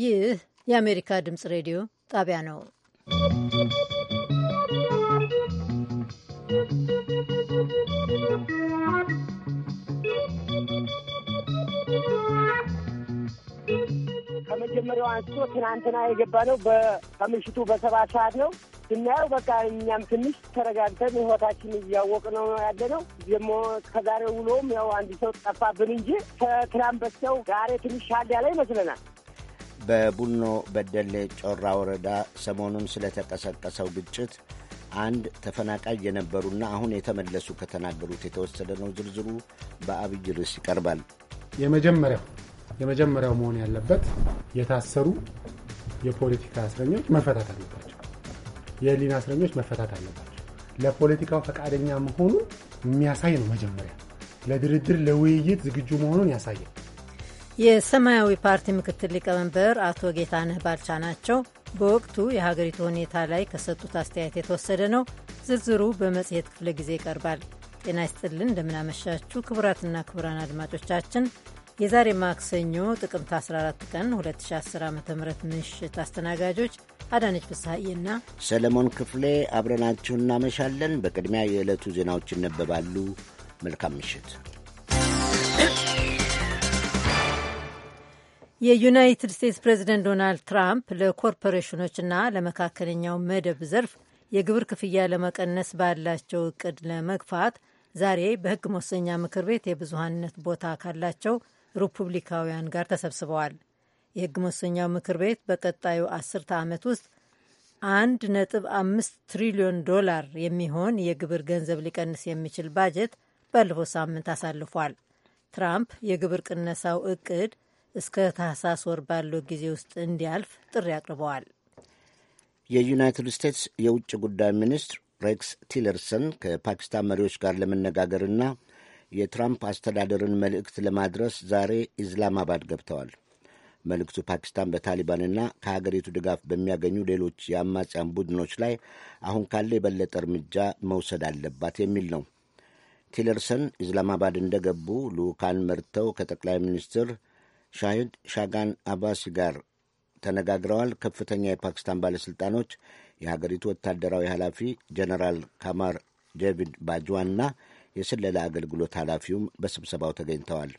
ይህ የአሜሪካ ድምፅ ሬዲዮ ጣቢያ ነው። ከመጀመሪያው አንስቶ ትናንትና የገባ ነው። ከምሽቱ በሰባት ሰዓት ነው ስናየው። በቃ እኛም ትንሽ ተረጋግተን ህይወታችን እያወቅ ነው ያለ ነው። ደግሞ ከዛሬ ውሎም ያው አንድ ሰው ጠፋብን እንጂ ከትናንት በስተው ዛሬ ትንሽ ሻል ያለ ይመስለናል። በቡኖ በደሌ ጮራ ወረዳ ሰሞኑን ስለተቀሰቀሰው ግጭት አንድ ተፈናቃይ የነበሩና አሁን የተመለሱ ከተናገሩት የተወሰደ ነው። ዝርዝሩ በአብይ ርዕስ ይቀርባል። የመጀመሪያው የመጀመሪያው መሆን ያለበት የታሰሩ የፖለቲካ እስረኞች መፈታት አለባቸው። የህሊና እስረኞች መፈታት አለባቸው። ለፖለቲካው ፈቃደኛ መሆኑን የሚያሳይ ነው። መጀመሪያ ለድርድር ለውይይት ዝግጁ መሆኑን ያሳያል። የሰማያዊ ፓርቲ ምክትል ሊቀመንበር አቶ ጌታነህ ባልቻ ናቸው። በወቅቱ የሀገሪቱ ሁኔታ ላይ ከሰጡት አስተያየት የተወሰደ ነው። ዝርዝሩ በመጽሔት ክፍለ ጊዜ ይቀርባል። ጤና ይስጥልን፣ እንደምናመሻችሁ ክቡራትና ክቡራን አድማጮቻችን የዛሬ ማክሰኞ ጥቅምት 14 ቀን 2010 ዓ ም ምሽት አስተናጋጆች አዳነች ፍስሐዬና ሰለሞን ክፍሌ አብረናችሁ እናመሻለን። በቅድሚያ የዕለቱ ዜናዎች ይነበባሉ። መልካም ምሽት። የዩናይትድ ስቴትስ ፕሬዚደንት ዶናልድ ትራምፕ ለኮርፖሬሽኖችና ለመካከለኛው መደብ ዘርፍ የግብር ክፍያ ለመቀነስ ባላቸው እቅድ ለመግፋት ዛሬ በሕግ መወሰኛ ምክር ቤት የብዙሀንነት ቦታ ካላቸው ሪፑብሊካውያን ጋር ተሰብስበዋል። የሕግ መወሰኛው ምክር ቤት በቀጣዩ አስርተ ዓመት ውስጥ አንድ ነጥብ አምስት ትሪሊዮን ዶላር የሚሆን የግብር ገንዘብ ሊቀንስ የሚችል ባጀት ባለፈው ሳምንት አሳልፏል። ትራምፕ የግብር ቅነሳው እቅድ እስከ ታህሳስ ወር ባለው ጊዜ ውስጥ እንዲያልፍ ጥሪ አቅርበዋል። የዩናይትድ ስቴትስ የውጭ ጉዳይ ሚኒስትር ሬክስ ቲለርሰን ከፓኪስታን መሪዎች ጋር ለመነጋገርና የትራምፕ አስተዳደርን መልእክት ለማድረስ ዛሬ ኢስላማባድ ገብተዋል። መልእክቱ ፓኪስታን በታሊባንና ከሀገሪቱ ድጋፍ በሚያገኙ ሌሎች የአማጽያን ቡድኖች ላይ አሁን ካለ የበለጠ እርምጃ መውሰድ አለባት የሚል ነው። ቲለርሰን ኢስላማባድ እንደገቡ ልዑካን መርተው ከጠቅላይ ሚኒስትር ሻሂድ ሻጋን አባሲ ጋር ተነጋግረዋል። ከፍተኛ የፓኪስታን ባለሥልጣኖች የሀገሪቱ ወታደራዊ ኃላፊ ጀነራል ካማር ዴቪድ ባጅዋና የስለላ አገልግሎት ኃላፊውም በስብሰባው ተገኝተዋል።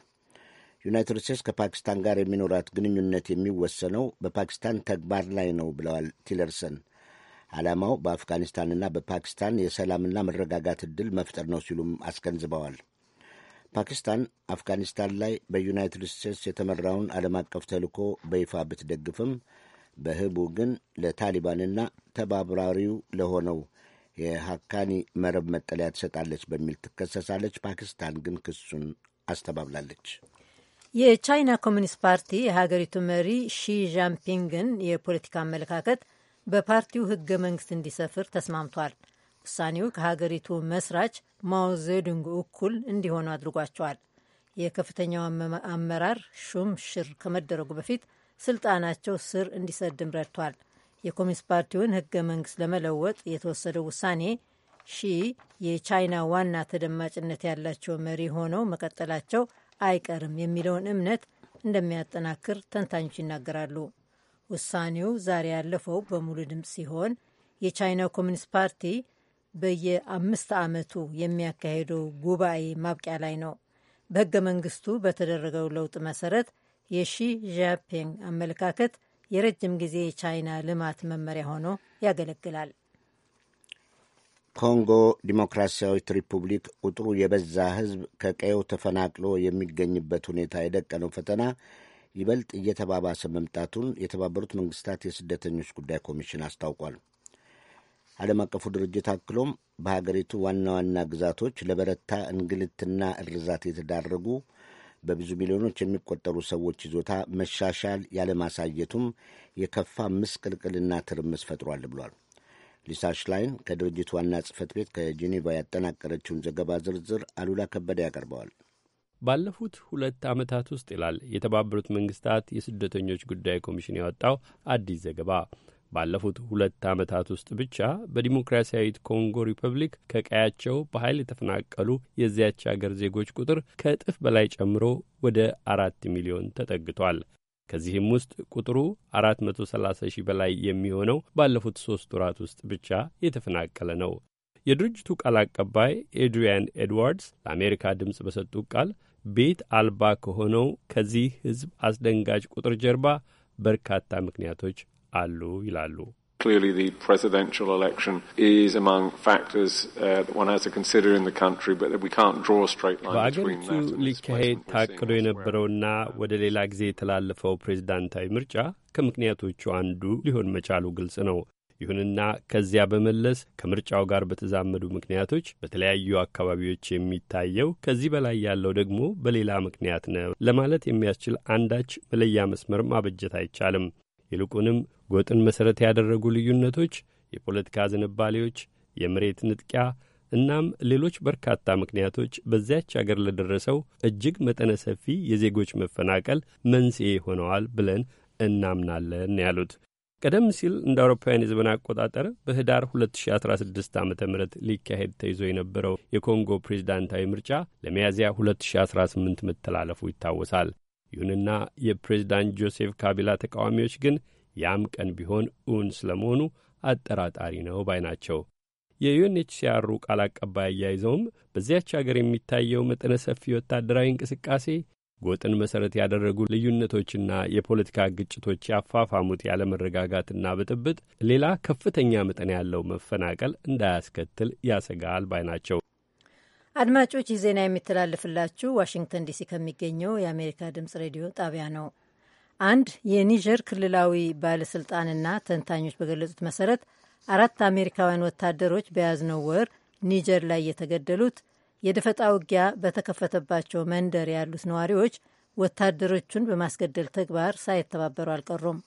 ዩናይትድ ስቴትስ ከፓኪስታን ጋር የሚኖራት ግንኙነት የሚወሰነው በፓኪስታን ተግባር ላይ ነው ብለዋል ቲለርሰን። ዓላማው በአፍጋኒስታንና በፓኪስታን የሰላምና መረጋጋት ዕድል መፍጠር ነው ሲሉም አስገንዝበዋል። ፓኪስታን አፍጋኒስታን ላይ በዩናይትድ ስቴትስ የተመራውን ዓለም አቀፍ ተልእኮ በይፋ ብትደግፍም በህቡ ግን ለታሊባንና ተባብራሪው ለሆነው የሀካኒ መረብ መጠለያ ትሰጣለች በሚል ትከሰሳለች። ፓኪስታን ግን ክሱን አስተባብላለች። የቻይና ኮሚኒስት ፓርቲ የሀገሪቱ መሪ ሺ ዣምፒንግን የፖለቲካ አመለካከት በፓርቲው ህገ መንግስት እንዲሰፍር ተስማምቷል። ውሳኔው ከሀገሪቱ መስራች ማኦ ዜዱንግ እኩል እንዲሆኑ አድርጓቸዋል። የከፍተኛው አመራር ሹም ሽር ከመደረጉ በፊት ስልጣናቸው ስር እንዲሰድም ረድቷል። የኮሚኒስት ፓርቲውን ህገ መንግስት ለመለወጥ የተወሰደው ውሳኔ ሺ የቻይና ዋና ተደማጭነት ያላቸው መሪ ሆነው መቀጠላቸው አይቀርም የሚለውን እምነት እንደሚያጠናክር ተንታኞች ይናገራሉ። ውሳኔው ዛሬ ያለፈው በሙሉ ድምፅ ሲሆን የቻይና ኮሚኒስት ፓርቲ በየአምስት ዓመቱ የሚያካሄደው ጉባኤ ማብቂያ ላይ ነው። በሕገ መንግስቱ በተደረገው ለውጥ መሰረት የሺ ዣፒንግ አመለካከት የረጅም ጊዜ የቻይና ልማት መመሪያ ሆኖ ያገለግላል። ኮንጎ ዲሞክራሲያዊት ሪፑብሊክ ቁጥሩ የበዛ ሕዝብ ከቀየው ተፈናቅሎ የሚገኝበት ሁኔታ የደቀነው ፈተና ይበልጥ እየተባባሰ መምጣቱን የተባበሩት መንግስታት የስደተኞች ጉዳይ ኮሚሽን አስታውቋል። ዓለም አቀፉ ድርጅት አክሎም በሀገሪቱ ዋና ዋና ግዛቶች ለበረታ እንግልትና እርዛት የተዳረጉ በብዙ ሚሊዮኖች የሚቆጠሩ ሰዎች ይዞታ መሻሻል ያለማሳየቱም የከፋ ምስቅልቅልና ትርምስ ፈጥሯል ብሏል። ሊሳ ሽላይን ከድርጅቱ ዋና ጽህፈት ቤት ከጄኔቫ ያጠናቀረችውን ዘገባ ዝርዝር አሉላ ከበደ ያቀርበዋል። ባለፉት ሁለት ዓመታት ውስጥ ይላል የተባበሩት መንግስታት የስደተኞች ጉዳይ ኮሚሽን ያወጣው አዲስ ዘገባ ባለፉት ሁለት ዓመታት ውስጥ ብቻ በዲሞክራሲያዊት ኮንጎ ሪፐብሊክ ከቀያቸው በኃይል የተፈናቀሉ የዚያች አገር ዜጎች ቁጥር ከእጥፍ በላይ ጨምሮ ወደ አራት ሚሊዮን ተጠግቷል። ከዚህም ውስጥ ቁጥሩ 430 ሺህ በላይ የሚሆነው ባለፉት ሦስት ወራት ውስጥ ብቻ የተፈናቀለ ነው። የድርጅቱ ቃል አቀባይ ኤድሪያን ኤድዋርድስ ለአሜሪካ ድምፅ በሰጡት ቃል ቤት አልባ ከሆነው ከዚህ ሕዝብ አስደንጋጭ ቁጥር ጀርባ በርካታ ምክንያቶች አሉ ይላሉ። Clearly, the presidential election is among factors uh, that one has to consider in the country, but we can't draw a straight line between that and ሊካሄድ ታቅዶ የነበረውና ወደ ሌላ ጊዜ የተላለፈው ፕሬዝዳንታዊ ምርጫ ከምክንያቶቹ አንዱ ሊሆን መቻሉ ግልጽ ነው። ይሁንና ከዚያ በመለስ ከምርጫው ጋር በተዛመዱ ምክንያቶች በተለያዩ አካባቢዎች የሚታየው ከዚህ በላይ ያለው ደግሞ በሌላ ምክንያት ነው ለማለት የሚያስችል አንዳች መለያ መስመር ማበጀት አይቻልም። ይልቁንም ጎጥን መሠረት ያደረጉ ልዩነቶች፣ የፖለቲካ ዝንባሌዎች፣ የመሬት ንጥቂያ እናም ሌሎች በርካታ ምክንያቶች በዚያች አገር ለደረሰው እጅግ መጠነ ሰፊ የዜጎች መፈናቀል መንስኤ ሆነዋል ብለን እናምናለን ያሉት ቀደም ሲል እንደ አውሮፓውያን የዘመን አቆጣጠር በህዳር 2016 ዓ ም ሊካሄድ ተይዞ የነበረው የኮንጎ ፕሬዝዳንታዊ ምርጫ ለሚያዝያ 2018 መተላለፉ ይታወሳል። ይሁንና የፕሬዝዳንት ጆሴፍ ካቢላ ተቃዋሚዎች ግን ያም ቀን ቢሆን እውን መሆኑ አጠራጣሪ ነው ባይ ናቸው። የዩኤንኤችሲአሩ ቃል አቀባይ አያይዘውም በዚያች አገር የሚታየው መጠነ ሰፊ ወታደራዊ እንቅስቃሴ ጎጥን መሠረት ያደረጉ ልዩነቶችና የፖለቲካ ግጭቶች ያፋፋሙት ያለመረጋጋትና ብጥብጥ ሌላ ከፍተኛ መጠን ያለው መፈናቀል እንዳያስከትል ያሰጋል ባይ ናቸው። አድማጮች ይህ ዜና የሚተላለፍላችሁ ዋሽንግተን ዲሲ ከሚገኘው የአሜሪካ ድምጽ ሬዲዮ ጣቢያ ነው። አንድ የኒጀር ክልላዊ ባለስልጣንና ተንታኞች በገለጹት መሰረት አራት አሜሪካውያን ወታደሮች በያዝነው ወር ኒጀር ላይ የተገደሉት የደፈጣ ውጊያ በተከፈተባቸው መንደር ያሉት ነዋሪዎች ወታደሮቹን በማስገደል ተግባር ሳይተባበሩ አልቀሩም።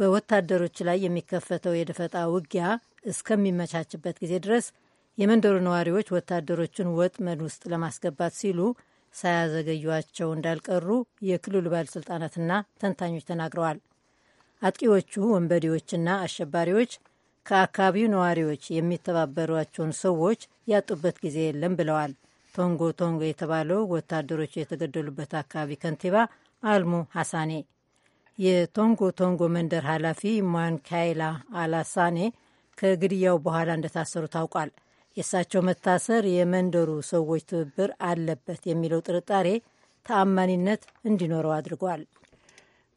በወታደሮች ላይ የሚከፈተው የደፈጣ ውጊያ እስከሚመቻችበት ጊዜ ድረስ የመንደሩ ነዋሪዎች ወታደሮችን ወጥመድ ውስጥ ለማስገባት ሲሉ ሳያዘገዩቸው እንዳልቀሩ የክልሉ ባለሥልጣናትና ተንታኞች ተናግረዋል። አጥቂዎቹ ወንበዴዎችና አሸባሪዎች ከአካባቢው ነዋሪዎች የሚተባበሯቸውን ሰዎች ያጡበት ጊዜ የለም ብለዋል። ቶንጎ ቶንጎ የተባለው ወታደሮች የተገደሉበት አካባቢ ከንቲባ አልሙ ሐሳኔ የቶንጎ ቶንጎ መንደር ኃላፊ ማንካይላ አላሳኔ ከግድያው በኋላ እንደታሰሩ ታውቋል። የእሳቸው መታሰር የመንደሩ ሰዎች ትብብር አለበት የሚለው ጥርጣሬ ተአማኒነት እንዲኖረው አድርጓል።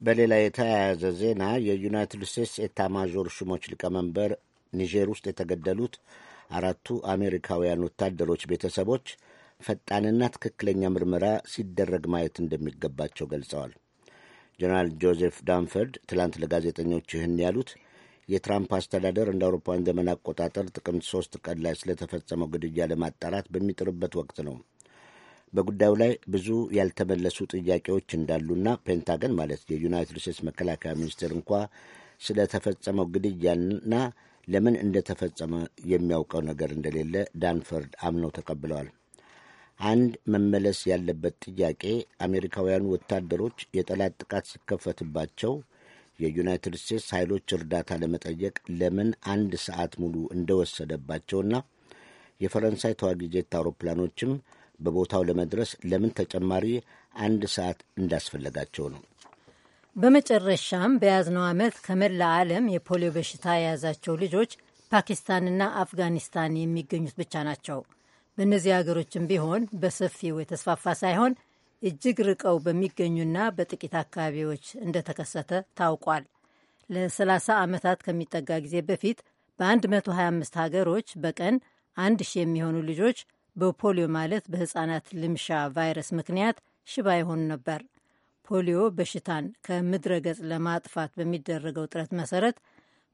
በሌላ የተያያዘ ዜና የዩናይትድ ስቴትስ ኤታማዦር ሹሞች ሊቀመንበር ኒጀር ውስጥ የተገደሉት አራቱ አሜሪካውያን ወታደሮች ቤተሰቦች ፈጣንና ትክክለኛ ምርመራ ሲደረግ ማየት እንደሚገባቸው ገልጸዋል። ጀነራል ጆዜፍ ዳንፈርድ ትላንት ለጋዜጠኞች ይህን ያሉት የትራምፕ አስተዳደር እንደ አውሮፓውያን ዘመን አቆጣጠር ጥቅምት ሶስት ቀን ላይ ስለተፈጸመው ግድያ ለማጣራት በሚጥርበት ወቅት ነው። በጉዳዩ ላይ ብዙ ያልተመለሱ ጥያቄዎች እንዳሉና ፔንታገን ማለት የዩናይትድ ስቴትስ መከላከያ ሚኒስቴር እንኳ ስለተፈጸመው ግድያና ለምን እንደተፈጸመ የሚያውቀው ነገር እንደሌለ ዳንፈርድ አምነው ተቀብለዋል። አንድ መመለስ ያለበት ጥያቄ አሜሪካውያኑ ወታደሮች የጠላት ጥቃት ሲከፈትባቸው የዩናይትድ ስቴትስ ኃይሎች እርዳታ ለመጠየቅ ለምን አንድ ሰዓት ሙሉ እንደወሰደባቸውና የፈረንሳይ ተዋጊ ጄት አውሮፕላኖችም በቦታው ለመድረስ ለምን ተጨማሪ አንድ ሰዓት እንዳስፈለጋቸው ነው። በመጨረሻም በያዝነው ዓመት ከመላ ዓለም የፖሊዮ በሽታ የያዛቸው ልጆች ፓኪስታንና አፍጋኒስታን የሚገኙት ብቻ ናቸው። በእነዚህ ሀገሮችም ቢሆን በሰፊው የተስፋፋ ሳይሆን እጅግ ርቀው በሚገኙና በጥቂት አካባቢዎች እንደተከሰተ ታውቋል። ለ30 ዓመታት ከሚጠጋ ጊዜ በፊት በ125 ሀገሮች በቀን 1000 የሚሆኑ ልጆች በፖሊዮ ማለት በሕፃናት ልምሻ ቫይረስ ምክንያት ሽባ የሆኑ ነበር። ፖሊዮ በሽታን ከምድረ ገጽ ለማጥፋት በሚደረገው ጥረት መሰረት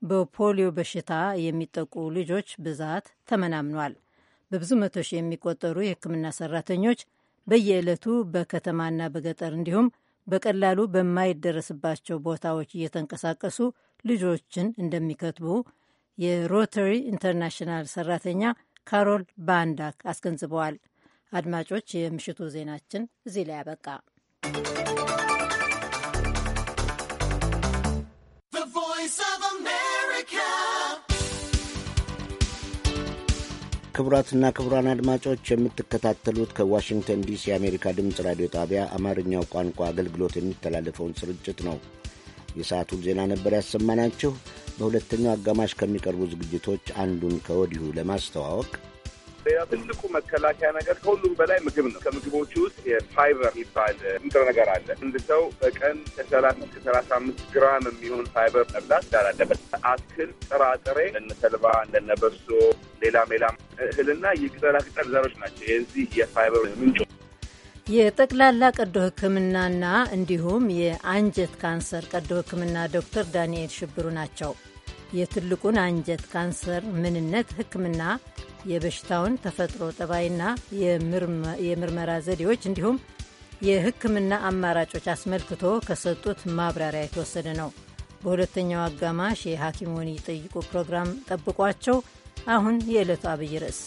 በፖሊዮ በሽታ የሚጠቁ ልጆች ብዛት ተመናምኗል። በብዙ መቶ ሺህ የሚቆጠሩ የሕክምና ሰራተኞች በየዕለቱ በከተማና በገጠር እንዲሁም በቀላሉ በማይደረስባቸው ቦታዎች እየተንቀሳቀሱ ልጆችን እንደሚከትቡ የሮተሪ ኢንተርናሽናል ሰራተኛ ካሮል ባንዳክ አስገንዝበዋል። አድማጮች፣ የምሽቱ ዜናችን እዚህ ላይ አበቃ። ቮይስ ኦፍ አሜሪካ ክቡራትና ክቡራን አድማጮች የምትከታተሉት ከዋሽንግተን ዲሲ የአሜሪካ ድምፅ ራዲዮ ጣቢያ አማርኛው ቋንቋ አገልግሎት የሚተላለፈውን ስርጭት ነው። የሰዓቱን ዜና ነበር ያሰማናችሁ። በሁለተኛው አጋማሽ ከሚቀርቡ ዝግጅቶች አንዱን ከወዲሁ ለማስተዋወቅ ሌላ ትልቁ መከላከያ ነገር ከሁሉም በላይ ምግብ ነው። ከምግቦች ውስጥ የፋይበር የሚባል ንጥረ ነገር አለ። አንድ ሰው በቀን ከሰላሳ እስከ ሰላሳ አምስት ግራም የሚሆን ፋይበር መብላት ዳር አለበት። አትክልት፣ ጥራጥሬ እነ ተልባ እንደነ በሶ፣ ሌላም ሌላም እህልና የቅጠላቅጠል ዘሮች ናቸው የዚህ የፋይበር ምንጮ። የጠቅላላ ቀዶ ሕክምናና እንዲሁም የአንጀት ካንሰር ቀዶ ሕክምና ዶክተር ዳንኤል ሽብሩ ናቸው። የትልቁን አንጀት ካንሰር ምንነት ሕክምና፣ የበሽታውን ተፈጥሮ ጠባይና የምርመራ ዘዴዎች እንዲሁም የሕክምና አማራጮች አስመልክቶ ከሰጡት ማብራሪያ የተወሰደ ነው። በሁለተኛው አጋማሽ የሐኪሞን ይጠይቁ ፕሮግራም ጠብቋቸው። አሁን የዕለቱ አብይ ርዕስ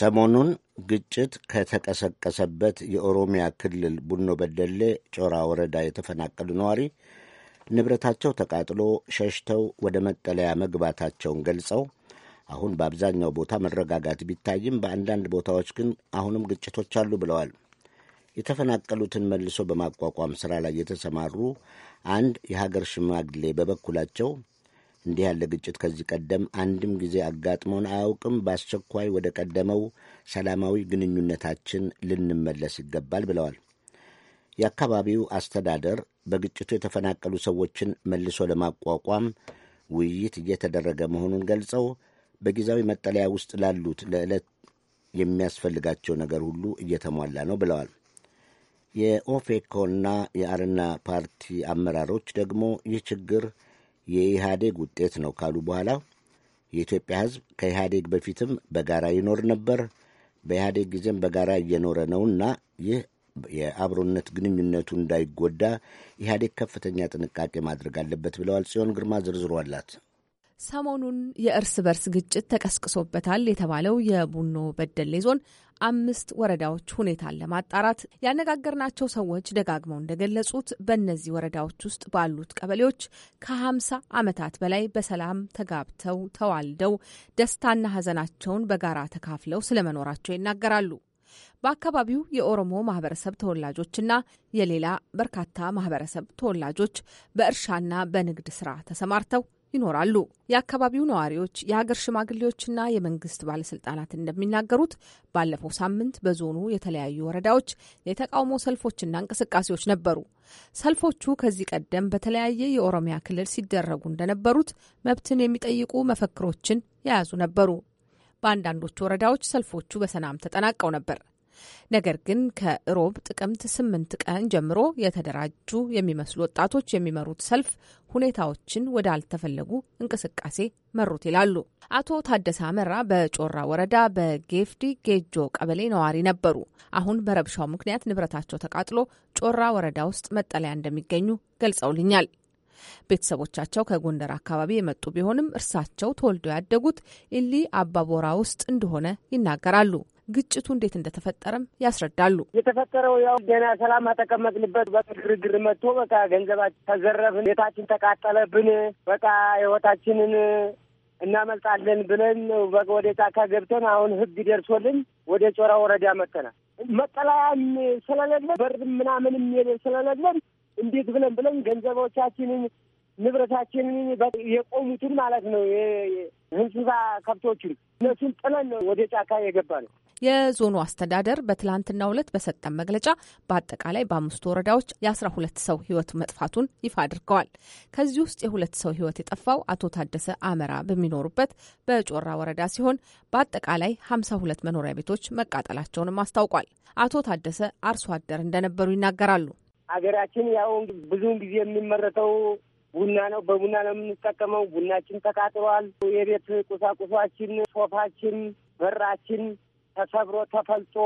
ሰሞኑን ግጭት ከተቀሰቀሰበት የኦሮሚያ ክልል ቡኖ በደሌ ጮራ ወረዳ የተፈናቀሉ ነዋሪ ንብረታቸው ተቃጥሎ ሸሽተው ወደ መጠለያ መግባታቸውን ገልጸው አሁን በአብዛኛው ቦታ መረጋጋት ቢታይም በአንዳንድ ቦታዎች ግን አሁንም ግጭቶች አሉ ብለዋል። የተፈናቀሉትን መልሶ በማቋቋም ሥራ ላይ የተሰማሩ አንድ የሀገር ሽማግሌ በበኩላቸው እንዲህ ያለ ግጭት ከዚህ ቀደም አንድም ጊዜ አጋጥሞን አያውቅም፣ በአስቸኳይ ወደ ቀደመው ሰላማዊ ግንኙነታችን ልንመለስ ይገባል ብለዋል። የአካባቢው አስተዳደር በግጭቱ የተፈናቀሉ ሰዎችን መልሶ ለማቋቋም ውይይት እየተደረገ መሆኑን ገልጸው በጊዜያዊ መጠለያ ውስጥ ላሉት ለዕለት የሚያስፈልጋቸው ነገር ሁሉ እየተሟላ ነው ብለዋል። የኦፌኮና የአርና ፓርቲ አመራሮች ደግሞ ይህ ችግር የኢህአዴግ ውጤት ነው ካሉ በኋላ የኢትዮጵያ ሕዝብ ከኢህአዴግ በፊትም በጋራ ይኖር ነበር በኢህአዴግ ጊዜም በጋራ እየኖረ ነውና ይህ የአብሮነት ግንኙነቱ እንዳይጎዳ ኢህአዴግ ከፍተኛ ጥንቃቄ ማድረግ አለበት ብለዋል። ጽዮን ግርማ ዝርዝሩ አላት። ሰሞኑን የእርስ በርስ ግጭት ተቀስቅሶበታል የተባለው የቡኖ በደሌ ዞን አምስት ወረዳዎች ሁኔታን ለማጣራት ያነጋገርናቸው ሰዎች ደጋግመው እንደገለጹት በእነዚህ ወረዳዎች ውስጥ ባሉት ቀበሌዎች ከ50 ዓመታት በላይ በሰላም ተጋብተው ተዋልደው ደስታና ሐዘናቸውን በጋራ ተካፍለው ስለመኖራቸው ይናገራሉ። በአካባቢው የኦሮሞ ማህበረሰብ ተወላጆችና የሌላ በርካታ ማህበረሰብ ተወላጆች በእርሻና በንግድ ስራ ተሰማርተው ይኖራሉ። የአካባቢው ነዋሪዎች፣ የሀገር ሽማግሌዎችና የመንግስት ባለስልጣናት እንደሚናገሩት ባለፈው ሳምንት በዞኑ የተለያዩ ወረዳዎች የተቃውሞ ሰልፎችና እንቅስቃሴዎች ነበሩ። ሰልፎቹ ከዚህ ቀደም በተለያየ የኦሮሚያ ክልል ሲደረጉ እንደነበሩት መብትን የሚጠይቁ መፈክሮችን የያዙ ነበሩ። በአንዳንዶቹ ወረዳዎች ሰልፎቹ በሰላም ተጠናቀው ነበር። ነገር ግን ከሮብ ጥቅምት ስምንት ቀን ጀምሮ የተደራጁ የሚመስሉ ወጣቶች የሚመሩት ሰልፍ ሁኔታዎችን ወደ አልተፈለጉ እንቅስቃሴ መሩት ይላሉ። አቶ ታደሰ አመራ በጮራ ወረዳ በጌፍዲ ጌጆ ቀበሌ ነዋሪ ነበሩ። አሁን በረብሻው ምክንያት ንብረታቸው ተቃጥሎ ጮራ ወረዳ ውስጥ መጠለያ እንደሚገኙ ገልጸውልኛል። ቤተሰቦቻቸው ከጎንደር አካባቢ የመጡ ቢሆንም እርሳቸው ተወልደው ያደጉት ኢሊ አባቦራ ውስጥ እንደሆነ ይናገራሉ። ግጭቱ እንዴት እንደተፈጠረም ያስረዳሉ። የተፈጠረው ያው ገና ሰላም አተቀመጥንበት በግርግር መጥቶ በቃ ገንዘባችን ተዘረፍን፣ ቤታችን ተቃጠለብን፣ በቃ ህይወታችንን እናመልጣለን ብለን ወደ ጫካ ገብተን አሁን ህግ ደርሶልን ወደ ጮራ ወረዳ መጥተናል። መጠለያም ስለሌለን በር ምናምንም ስለሌለን እንዴት ብለን ብለን ገንዘቦቻችንን ንብረታችንን የቆሙትን ማለት ነው እንስሳ ከብቶችን እነሱን ጥለን ወደ ጫካ የገባ ነው። የዞኑ አስተዳደር በትላንትናው ዕለት በሰጠን መግለጫ በአጠቃላይ በአምስቱ ወረዳዎች የአስራ ሁለት ሰው ህይወት መጥፋቱን ይፋ አድርገዋል። ከዚህ ውስጥ የሁለት ሰው ህይወት የጠፋው አቶ ታደሰ አመራ በሚኖሩበት በጮራ ወረዳ ሲሆን በአጠቃላይ ሀምሳ ሁለት መኖሪያ ቤቶች መቃጠላቸውንም አስታውቋል። አቶ ታደሰ አርሶ አደር እንደነበሩ ይናገራሉ። ሀገራችን ያው ብዙውን ጊዜ የሚመረተው ቡና ነው። በቡና ነው የምንጠቀመው። ቡናችን ተቃጥሏል። የቤት ቁሳቁሳችን፣ ሶፋችን፣ በራችን ተሰብሮ ተፈልጦ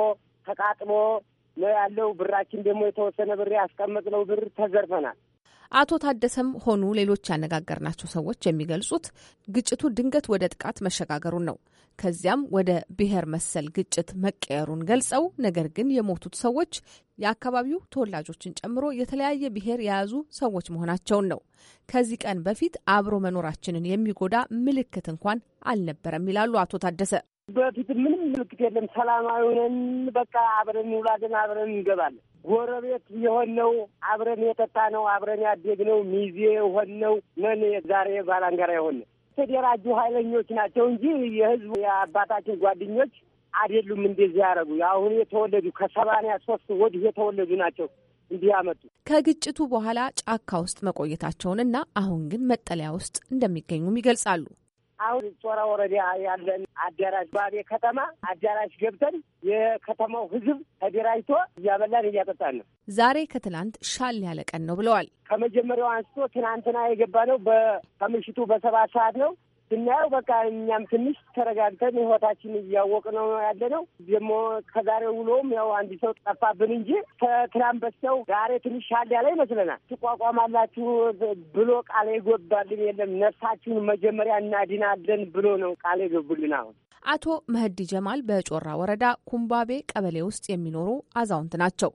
ተቃጥሎ ነው ያለው። ብራችን ደግሞ የተወሰነ ብር ያስቀመጥነው ብር ተዘርፈናል። አቶ ታደሰም ሆኑ ሌሎች ያነጋገርናቸው ሰዎች የሚገልጹት ግጭቱ ድንገት ወደ ጥቃት መሸጋገሩን ነው። ከዚያም ወደ ብሔር መሰል ግጭት መቀየሩን ገልጸው ነገር ግን የሞቱት ሰዎች የአካባቢው ተወላጆችን ጨምሮ የተለያየ ብሔር የያዙ ሰዎች መሆናቸውን ነው። ከዚህ ቀን በፊት አብሮ መኖራችንን የሚጎዳ ምልክት እንኳን አልነበረም ይላሉ አቶ ታደሰ። በፊት ምንም ምልክት የለም። ሰላማዊ ነን፣ በቃ አብረን እንውላለን፣ አብረን እንገባለን። ጎረቤት የሆነው አብረን የጠጣ ነው፣ አብረን ያደግነው ሚዜ የሆነው ነን። ዛሬ ባላንጋራ የሆነ የተደራጁ ኃይለኞች ናቸው እንጂ የህዝቡ የአባታችን ጓደኞች አይደሉም። እንደዚህ ያደረጉ አሁን የተወለዱ ከሰማንያ ሶስት ወዲህ የተወለዱ ናቸው። እንዲህ ያመጡ ከግጭቱ በኋላ ጫካ ውስጥ መቆየታቸውንና አሁን ግን መጠለያ ውስጥ እንደሚገኙም ይገልጻሉ። አሁን ጦራ ወረዳ ያለን አዳራሽ ባቤ ከተማ አዳራሽ ገብተን የከተማው ህዝብ ተደራጅቶ እያበላን እያጠጣን ነው። ዛሬ ከትናንት ሻል ያለ ቀን ነው ብለዋል። ከመጀመሪያው አንስቶ ትናንትና የገባ ነው። ከምሽቱ በሰባት ሰዓት ነው ስናየው በቃ እኛም ትንሽ ተረጋግተን ህይወታችን እያወቅ ነው ያለ ነው። ደግሞ ከዛሬ ውሎም ያው አንድ ሰው ጠፋብን እንጂ ከትናንት በስቲያው ዛሬ ትንሽ ሻል ያለ ይመስለናል። ትቋቋማላችሁ ብሎ ቃል የገባልን የለም። ነፍሳችሁን መጀመሪያ እናድናለን ብሎ ነው ቃል ይገቡልን። አሁን አቶ መህዲ ጀማል በጮራ ወረዳ ኩምባቤ ቀበሌ ውስጥ የሚኖሩ አዛውንት ናቸው።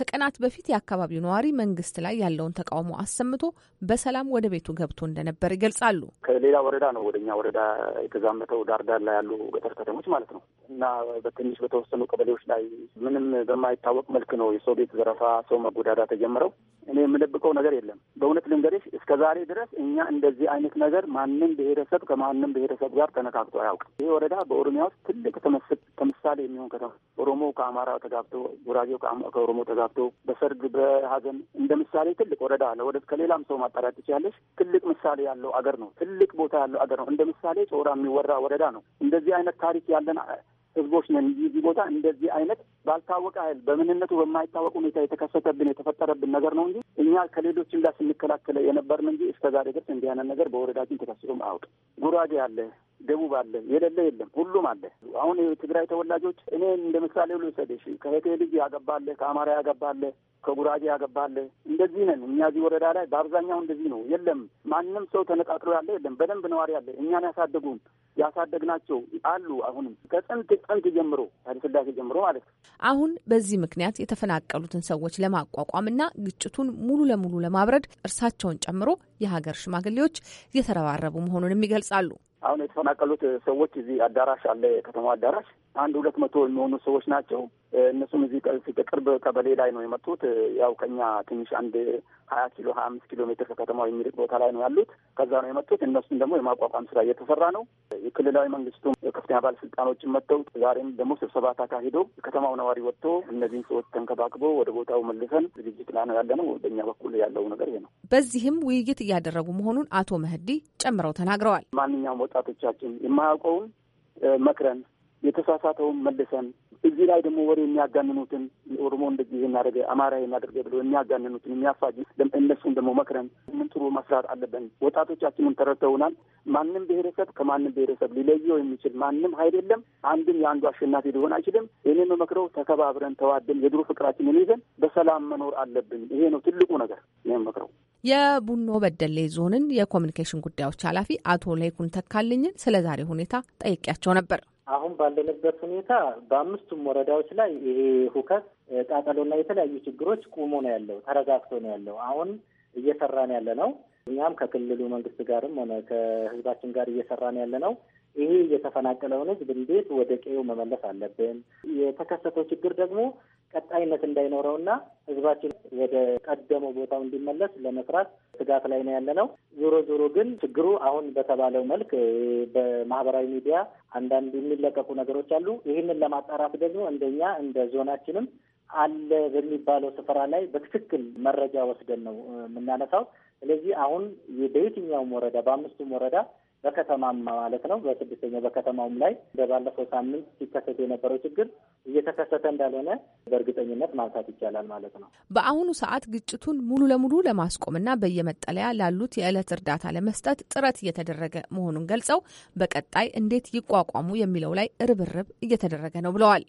ከቀናት በፊት የአካባቢው ነዋሪ መንግስት ላይ ያለውን ተቃውሞ አሰምቶ በሰላም ወደ ቤቱ ገብቶ እንደነበር ይገልጻሉ። ከሌላ ወረዳ ነው ወደኛ ወረዳ የተዛመተው ዳርዳር ላይ ያሉ ገጠር ከተሞች ማለት ነው እና በትንሽ በተወሰኑ ቀበሌዎች ላይ ምንም በማይታወቅ መልክ ነው የሰው ቤት ዘረፋ፣ ሰው መጎዳዳ ተጀምረው እኔ የምደብቀው ነገር የለም። በእውነት ልንገርሽ እስከ ዛሬ ድረስ እኛ እንደዚህ አይነት ነገር ማንም ብሔረሰብ ከማንም ብሔረሰብ ጋር ተነካክቶ አያውቅም። ይህ ወረዳ በኦሮሚያ ውስጥ ትልቅ ተምሳሌ የሚሆን ከተማ ኦሮሞ ከአማራ ተጋብቶ፣ ጉራጌው ከኦሮሞ ተጋብቶ ተጋብቶ በሰርግ በሀዘን እንደ ምሳሌ ትልቅ ወረዳ አለ። ወደ ከሌላም ሰው ማጣሪያ ትችያለሽ። ትልቅ ምሳሌ ያለው አገር ነው። ትልቅ ቦታ ያለው አገር ነው። እንደ ምሳሌ ጾራ የሚወራ ወረዳ ነው። እንደዚህ አይነት ታሪክ ያለን ህዝቦች ነን። ይህ ቦታ እንደዚህ አይነት ባልታወቀ ኃይል በምንነቱ በማይታወቅ ሁኔታ የተከሰተብን የተፈጠረብን ነገር ነው እንጂ እኛ ከሌሎችም ጋር ስንከላከለ የነበርን እንጂ እስከ ዛሬ ድረስ እንዲህ አይነት ነገር በወረዳችን ተከስቶም አያውቅም። ጉራጌ አለ፣ ደቡብ አለ፣ የሌለ የለም፣ ሁሉም አለ። አሁን የትግራይ ተወላጆች እኔ እንደ ምሳሌ ልውሰድሽ። ከሄቴ ልጅ ያገባለ፣ ከአማራ ያገባለ፣ ከጉራጌ ያገባለ። እንደዚህ ነን እኛ እዚህ ወረዳ ላይ በአብዛኛው እንደዚህ ነው። የለም ማንም ሰው ተነጣጥሎ ያለ የለም። በደንብ ነዋሪ አለ። እኛን ያሳደጉም ያሳደግናቸው አሉ። አሁንም ከጥንት ጥንት ጀምሮ ኃይለ ጀምሮ ማለት ነው። አሁን በዚህ ምክንያት የተፈናቀሉትን ሰዎች ለማቋቋምና ግጭቱን ሙሉ ለሙሉ ለማብረድ እርሳቸውን ጨምሮ የሀገር ሽማግሌዎች እየተረባረቡ መሆኑንም ይገልጻሉ። አሁን የተፈናቀሉት ሰዎች እዚህ አዳራሽ አለ፣ የከተማው አዳራሽ አንድ ሁለት መቶ የሚሆኑ ሰዎች ናቸው። እነሱም እዚህ ቅርብ ቀበሌ ላይ ነው የመጡት። ያው ከኛ ትንሽ አንድ ሀያ ኪሎ ሀያ አምስት ኪሎ ሜትር ከከተማው የሚርቅ ቦታ ላይ ነው ያሉት። ከዛ ነው የመጡት። እነሱን ደግሞ የማቋቋም ስራ እየተሰራ ነው። የክልላዊ መንግስቱም ከፍተኛ ባለስልጣኖችን መጥተው ዛሬም ደግሞ ስብሰባ ተካሂዶ ከተማው ነዋሪ ወጥቶ እነዚህን ሰዎች ተንከባክቦ ወደ ቦታው መልሰን ዝግጅት ላይ ነው ያለ ነው። በእኛ በኩል ያለው ነገር ይሄ ነው። በዚህም ውይይት እያደረጉ መሆኑን አቶ መህዲ ጨምረው ተናግረዋል። ማንኛውም ወጣቶቻችን የማያውቀውን መክረን የተሳሳተውን መልሰን እዚህ ላይ ደግሞ ወሬ የሚያጋንኑትን ኦሮሞ እንደዚህ ይሄን አማራ ይሄን ብሎ የሚያጋንኑትን የሚያፋጅ እነሱን ደግሞ መክረን ምን ጥሩ መስራት አለብን። ወጣቶቻችንን ተረድተውናል። ማንም ብሔረሰብ ከማንም ብሔረሰብ ሊለየው የሚችል ማንም ኃይል የለም። አንድም የአንዱ አሸናፊ ሊሆን አይችልም። እኔ መክረው ተከባብረን ተዋደን የድሮ ፍቅራችንን ይዘን በሰላም መኖር አለብን። ይሄ ነው ትልቁ ነገር። እኔ መመክረው የቡኖ በደሌ ዞንን የኮሚኒኬሽን ጉዳዮች ኃላፊ አቶ ላይኩን ተካልኝን ስለ ዛሬ ሁኔታ ጠይቄያቸው ነበር። አሁን ባለንበት ሁኔታ በአምስቱም ወረዳዎች ላይ ይሄ ሁከት ቃጠሎና የተለያዩ ችግሮች ቁሞ ነው ያለው፣ ተረጋግቶ ነው ያለው። አሁን እየሰራን ያለ ነው። እኛም ከክልሉ መንግስት ጋርም ሆነ ከህዝባችን ጋር እየሰራን ያለ ነው። ይሄ የተፈናቀለውን ህዝብ እንዴት ወደ ቀዬው መመለስ አለብን። የተከሰተው ችግር ደግሞ ቀጣይነት እንዳይኖረውና ህዝባችን ወደ ቀደመው ቦታው እንዲመለስ ለመስራት ስጋት ላይ ነው ያለ ነው። ዞሮ ዞሮ ግን ችግሩ አሁን በተባለው መልክ በማህበራዊ ሚዲያ አንዳንድ የሚለቀቁ ነገሮች አሉ። ይህንን ለማጣራት ደግሞ እንደኛ እንደ ዞናችንም አለ በሚባለው ስፍራ ላይ በትክክል መረጃ ወስደን ነው የምናነሳው። ስለዚህ አሁን በየትኛውም ወረዳ በአምስቱም ወረዳ በከተማም ማለት ነው። በስድስተኛው በከተማውም ላይ በባለፈው ሳምንት ሲከሰት የነበረው ችግር እየተከሰተ እንዳልሆነ በእርግጠኝነት ማንሳት ይቻላል ማለት ነው። በአሁኑ ሰዓት ግጭቱን ሙሉ ለሙሉ ለማስቆምና በየመጠለያ ላሉት የዕለት እርዳታ ለመስጠት ጥረት እየተደረገ መሆኑን ገልጸው በቀጣይ እንዴት ይቋቋሙ የሚለው ላይ ርብርብ እየተደረገ ነው ብለዋል።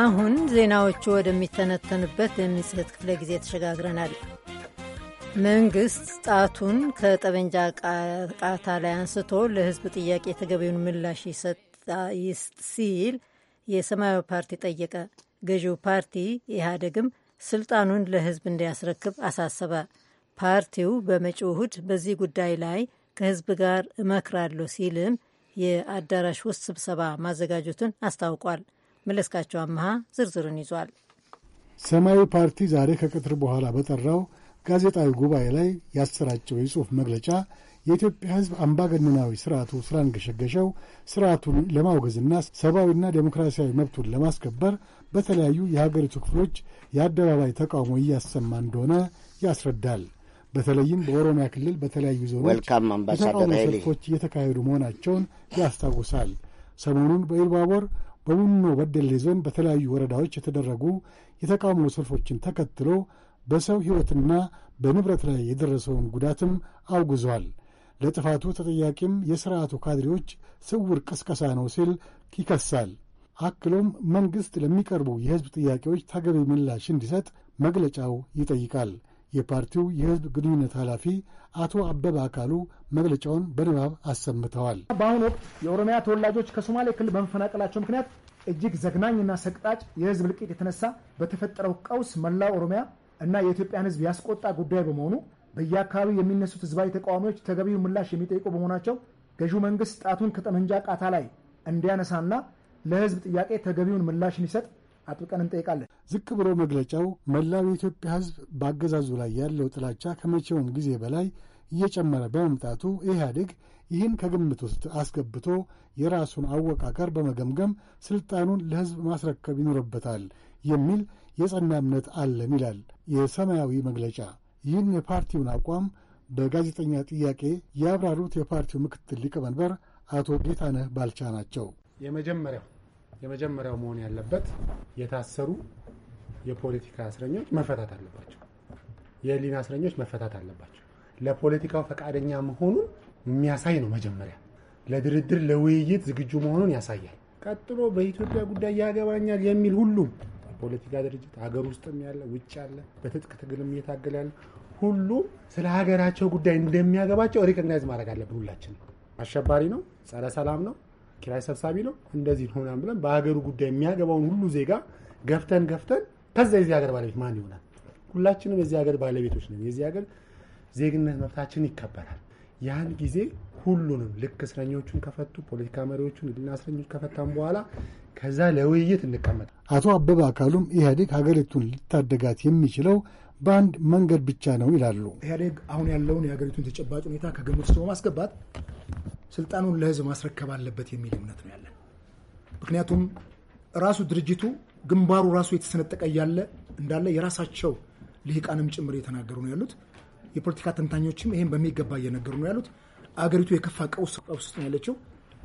አሁን ዜናዎቹ ወደሚተነተኑበት የመጽሔት ክፍለ ጊዜ ተሸጋግረናል። መንግስት ጣቱን ከጠመንጃ ቃታ ላይ አንስቶ ለህዝብ ጥያቄ ተገቢውን ምላሽ ይስጥ ሲል የሰማያዊ ፓርቲ ጠየቀ። ገዢው ፓርቲ ኢህአዴግም ስልጣኑን ለህዝብ እንዲያስረክብ አሳሰበ። ፓርቲው በመጪው እሁድ በዚህ ጉዳይ ላይ ከህዝብ ጋር እመክራለሁ ሲልም የአዳራሽ ውስጥ ስብሰባ ማዘጋጀቱን አስታውቋል። መለስካቸው አመሃ ዝርዝሩን ይዟል። ሰማያዊ ፓርቲ ዛሬ ከቅጥር በኋላ በጠራው ጋዜጣዊ ጉባኤ ላይ ያሰራጨው የጽሑፍ መግለጫ የኢትዮጵያ ሕዝብ አምባገነናዊ ስርዓቱ ገሸገሸው ስርዓቱን ለማውገዝና ሰብአዊና ዴሞክራሲያዊ መብቱን ለማስከበር በተለያዩ የሀገሪቱ ክፍሎች የአደባባይ ተቃውሞ እያሰማ እንደሆነ ያስረዳል። በተለይም በኦሮሚያ ክልል በተለያዩ ዞኖች የተቃውሞ ሰልፎች እየተካሄዱ መሆናቸውን ያስታውሳል። ሰሞኑን በኢልባቦር በቡኖ በደሌ ዞን በተለያዩ ወረዳዎች የተደረጉ የተቃውሞ ሰልፎችን ተከትሎ በሰው ሕይወትና በንብረት ላይ የደረሰውን ጉዳትም አውግዟል። ለጥፋቱ ተጠያቂም የሥርዓቱ ካድሬዎች ስውር ቅስቀሳ ነው ሲል ይከሳል። አክሎም መንግሥት ለሚቀርቡ የሕዝብ ጥያቄዎች ተገቢ ምላሽ እንዲሰጥ መግለጫው ይጠይቃል። የፓርቲው የህዝብ ግንኙነት ኃላፊ አቶ አበበ አካሉ መግለጫውን በንባብ አሰምተዋል። በአሁኑ ወቅት የኦሮሚያ ተወላጆች ከሶማሌ ክልል በመፈናቀላቸው ምክንያት እጅግ ዘግናኝና ሰቅጣጭ የህዝብ እልቂት የተነሳ በተፈጠረው ቀውስ መላው ኦሮሚያ እና የኢትዮጵያን ህዝብ ያስቆጣ ጉዳይ በመሆኑ በየአካባቢው የሚነሱት ህዝባዊ ተቃዋሚዎች ተገቢው ምላሽ የሚጠይቁ በመሆናቸው ገዢው መንግስት ጣቱን ከጠመንጃ ቃታ ላይ እንዲያነሳና ለህዝብ ጥያቄ ተገቢውን ምላሽ እንዲሰጥ አጥብቀን እንጠይቃለን። ዝቅ ብሎ መግለጫው መላው የኢትዮጵያ ሕዝብ በአገዛዙ ላይ ያለው ጥላቻ ከመቼውም ጊዜ በላይ እየጨመረ በመምጣቱ ኢህአዴግ ይህን ከግምት ውስጥ አስገብቶ የራሱን አወቃቀር በመገምገም ስልጣኑን ለሕዝብ ማስረከብ ይኖርበታል የሚል የጸና እምነት አለን ይላል የሰማያዊ መግለጫ። ይህን የፓርቲውን አቋም በጋዜጠኛ ጥያቄ ያብራሩት የፓርቲው ምክትል ሊቀመንበር አቶ ጌታነህ ባልቻ ናቸው። የመጀመሪያው የመጀመሪያው መሆን ያለበት የታሰሩ የፖለቲካ እስረኞች መፈታት አለባቸው። የህሊና እስረኞች መፈታት አለባቸው። ለፖለቲካው ፈቃደኛ መሆኑን የሚያሳይ ነው። መጀመሪያ ለድርድር ለውይይት ዝግጁ መሆኑን ያሳያል። ቀጥሎ በኢትዮጵያ ጉዳይ ያገባኛል የሚል ሁሉም የፖለቲካ ድርጅት ሀገር ውስጥም ያለ ውጭ ያለ በትጥቅ ትግልም እየታገለ ያለ ሁሉም ስለ ሀገራቸው ጉዳይ እንደሚያገባቸው ሪኮግናይዝ ማድረግ አለብን። ሁላችን አሸባሪ ነው፣ ጸረ ሰላም ነው ኪራይ ሰብሳቢ ነው እንደዚህ ሆናም ብለን በሀገሩ ጉዳይ የሚያገባውን ሁሉ ዜጋ ገፍተን ገፍተን ከዛ የዚህ ሀገር ባለቤት ማን ይሆናል? ሁላችንም የዚህ ሀገር ባለቤቶች ነን። የዚህ ሀገር ዜግነት መብታችን ይከበራል። ያን ጊዜ ሁሉንም ልክ እስረኞቹን ከፈቱ ፖለቲካ መሪዎቹን ድና እስረኞች ከፈታም በኋላ ከዛ ለውይይት እንቀመጥ። አቶ አበበ አካሉም ኢህአዴግ ሀገሪቱን ሊታደጋት የሚችለው በአንድ መንገድ ብቻ ነው ይላሉ። ኢህአዴግ አሁን ያለውን የሀገሪቱን ተጨባጭ ሁኔታ ከግምት ውስጥ በማስገባት ስልጣኑን ለህዝብ ማስረከብ አለበት የሚል እምነት ነው ያለን። ምክንያቱም ራሱ ድርጅቱ ግንባሩ ራሱ የተሰነጠቀ እያለ እንዳለ የራሳቸው ልሂቃንም ጭምር እየተናገሩ ነው ያሉት። የፖለቲካ ተንታኞችም ይህም በሚገባ እየነገሩ ነው ያሉት። አገሪቱ የከፋ ቀውስ ቀውስ ውስጥ ነው ያለችው።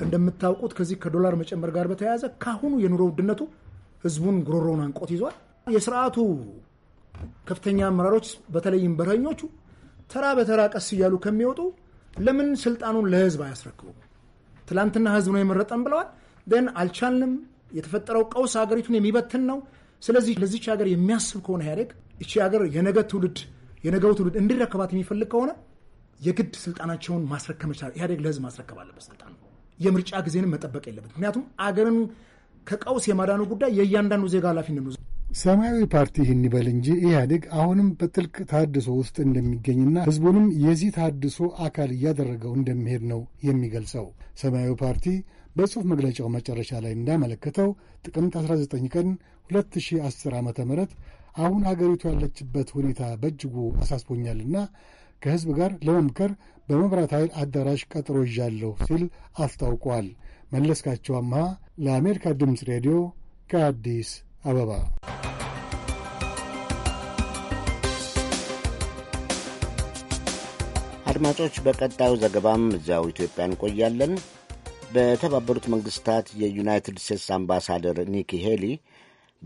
እንደምታውቁት ከዚህ ከዶላር መጨመር ጋር በተያያዘ ካሁኑ የኑሮ ውድነቱ ህዝቡን ጉሮሮውን አንቆት ይዟል። የስርዓቱ ከፍተኛ አመራሮች በተለይም በረኞቹ ተራ በተራ ቀስ እያሉ ከሚወጡ ለምን ስልጣኑን ለህዝብ አያስረክቡም? ትላንትና ህዝብ ነው የመረጠን ብለዋል። ደን አልቻልንም። የተፈጠረው ቀውስ ሀገሪቱን የሚበትን ነው። ስለዚህ ለዚች ሀገር የሚያስብ ከሆነ ኢህአዴግ እቺ ሀገር የነገ ትውልድ የነገው ትውልድ እንዲረከባት የሚፈልግ ከሆነ የግድ ስልጣናቸውን ማስረከብ መቻል ኢህአዴግ ለህዝብ ማስረከብ አለበት። ስልጣን የምርጫ ጊዜንም መጠበቅ የለበት። ምክንያቱም አገርን ከቀውስ የማዳኑ ጉዳይ የእያንዳንዱ ዜጋ ኃላፊነት ነው። ሰማያዊ ፓርቲ ይህን ይበል እንጂ ኢህአዴግ አሁንም በጥልቅ ታድሶ ውስጥ እንደሚገኝና ህዝቡንም የዚህ ታድሶ አካል እያደረገው እንደሚሄድ ነው የሚገልጸው። ሰማያዊ ፓርቲ በጽሑፍ መግለጫው መጨረሻ ላይ እንዳመለከተው ጥቅምት 19 ቀን 2010 ዓ ም አሁን ሀገሪቱ ያለችበት ሁኔታ በእጅጉ አሳስቦኛልና ከህዝብ ጋር ለመምከር በመብራት ኃይል አዳራሽ ቀጥሮ ይዣለሁ ሲል አስታውቋል። መለስካቸው አምሃ ለአሜሪካ ድምፅ ሬዲዮ ከአዲስ አበባ አድማጮች በቀጣዩ ዘገባም እዚያው ኢትዮጵያ እንቆያለን። በተባበሩት መንግስታት የዩናይትድ ስቴትስ አምባሳደር ኒኪ ሄሊ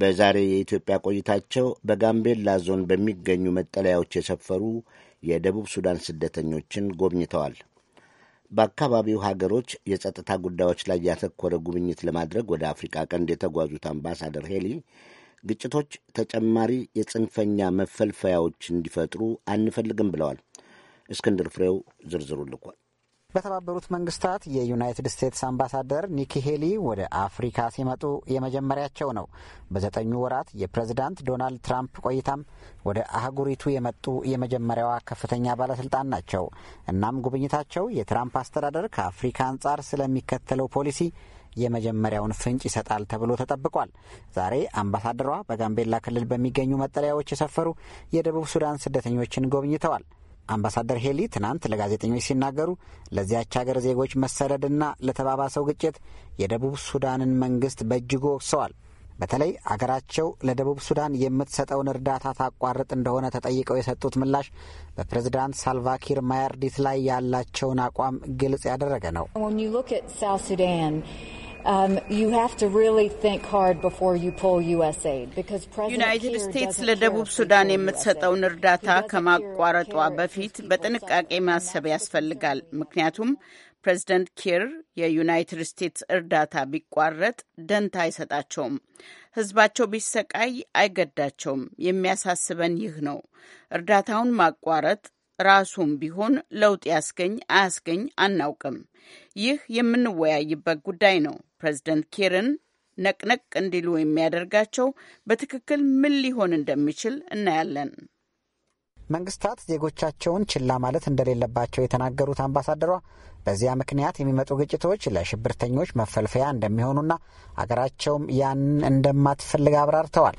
በዛሬ የኢትዮጵያ ቆይታቸው በጋምቤላ ዞን በሚገኙ መጠለያዎች የሰፈሩ የደቡብ ሱዳን ስደተኞችን ጎብኝተዋል። በአካባቢው ሀገሮች የጸጥታ ጉዳዮች ላይ ያተኮረ ጉብኝት ለማድረግ ወደ አፍሪካ ቀንድ የተጓዙት አምባሳደር ሄሊ ግጭቶች ተጨማሪ የጽንፈኛ መፈልፈያዎች እንዲፈጥሩ አንፈልግም ብለዋል። እስክንድር ፍሬው ዝርዝሩ ልኳል። በተባበሩት መንግስታት የዩናይትድ ስቴትስ አምባሳደር ኒኪ ሄሊ ወደ አፍሪካ ሲመጡ የመጀመሪያቸው ነው። በዘጠኙ ወራት የፕሬዝዳንት ዶናልድ ትራምፕ ቆይታም ወደ አህጉሪቱ የመጡ የመጀመሪያዋ ከፍተኛ ባለስልጣን ናቸው። እናም ጉብኝታቸው የትራምፕ አስተዳደር ከአፍሪካ አንጻር ስለሚከተለው ፖሊሲ የመጀመሪያውን ፍንጭ ይሰጣል ተብሎ ተጠብቋል። ዛሬ አምባሳደሯ በጋምቤላ ክልል በሚገኙ መጠለያዎች የሰፈሩ የደቡብ ሱዳን ስደተኞችን ጎብኝተዋል። አምባሳደር ሄሊ ትናንት ለጋዜጠኞች ሲናገሩ ለዚያች ሀገር ዜጎች መሰደድና ለተባባሰው ግጭት የደቡብ ሱዳንን መንግስት በእጅጉ ወቅሰዋል። በተለይ አገራቸው ለደቡብ ሱዳን የምትሰጠውን እርዳታ ታቋርጥ እንደሆነ ተጠይቀው የሰጡት ምላሽ በፕሬዝዳንት ሳልቫኪር ማያርዲት ላይ ያላቸውን አቋም ግልጽ ያደረገ ነው። Um, you have to really think hard before you pull USAID because ዩናይትድ ስቴትስ ለደቡብ ሱዳን የምትሰጠውን እርዳታ ከማቋረጧ በፊት በጥንቃቄ ማሰብ ያስፈልጋል። ምክንያቱም ፕሬዚደንት ኪር የዩናይትድ ስቴትስ እርዳታ ቢቋረጥ ደንታ አይሰጣቸውም። ሕዝባቸው ቢሰቃይ አይገዳቸውም። የሚያሳስበን ይህ ነው። እርዳታውን ማቋረጥ ራሱም ቢሆን ለውጥ ያስገኝ አያስገኝ አናውቅም። ይህ የምንወያይበት ጉዳይ ነው። ፕሬዚደንት ኬርን ነቅነቅ እንዲሉ የሚያደርጋቸው በትክክል ምን ሊሆን እንደሚችል እናያለን። መንግስታት ዜጎቻቸውን ችላ ማለት እንደሌለባቸው የተናገሩት አምባሳደሯ በዚያ ምክንያት የሚመጡ ግጭቶች ለሽብርተኞች መፈልፈያ እንደሚሆኑና አገራቸውም ያንን እንደማትፈልግ አብራርተዋል።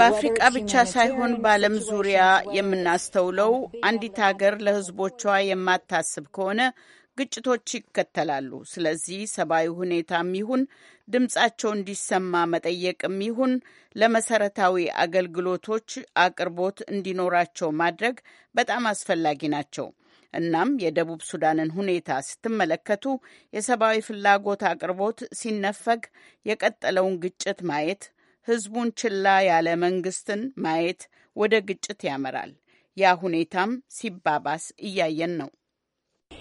በአፍሪቃ ብቻ ሳይሆን በዓለም ዙሪያ የምናስተውለው አንዲት ሀገር ለሕዝቦቿ የማታስብ ከሆነ ግጭቶች ይከተላሉ። ስለዚህ ሰብአዊ ሁኔታም ይሁን ድምጻቸው እንዲሰማ መጠየቅም ይሁን ለመሰረታዊ አገልግሎቶች አቅርቦት እንዲኖራቸው ማድረግ በጣም አስፈላጊ ናቸው። እናም የደቡብ ሱዳንን ሁኔታ ስትመለከቱ የሰብአዊ ፍላጎት አቅርቦት ሲነፈግ የቀጠለውን ግጭት ማየት፣ ህዝቡን ችላ ያለ መንግስትን ማየት ወደ ግጭት ያመራል። ያ ሁኔታም ሲባባስ እያየን ነው።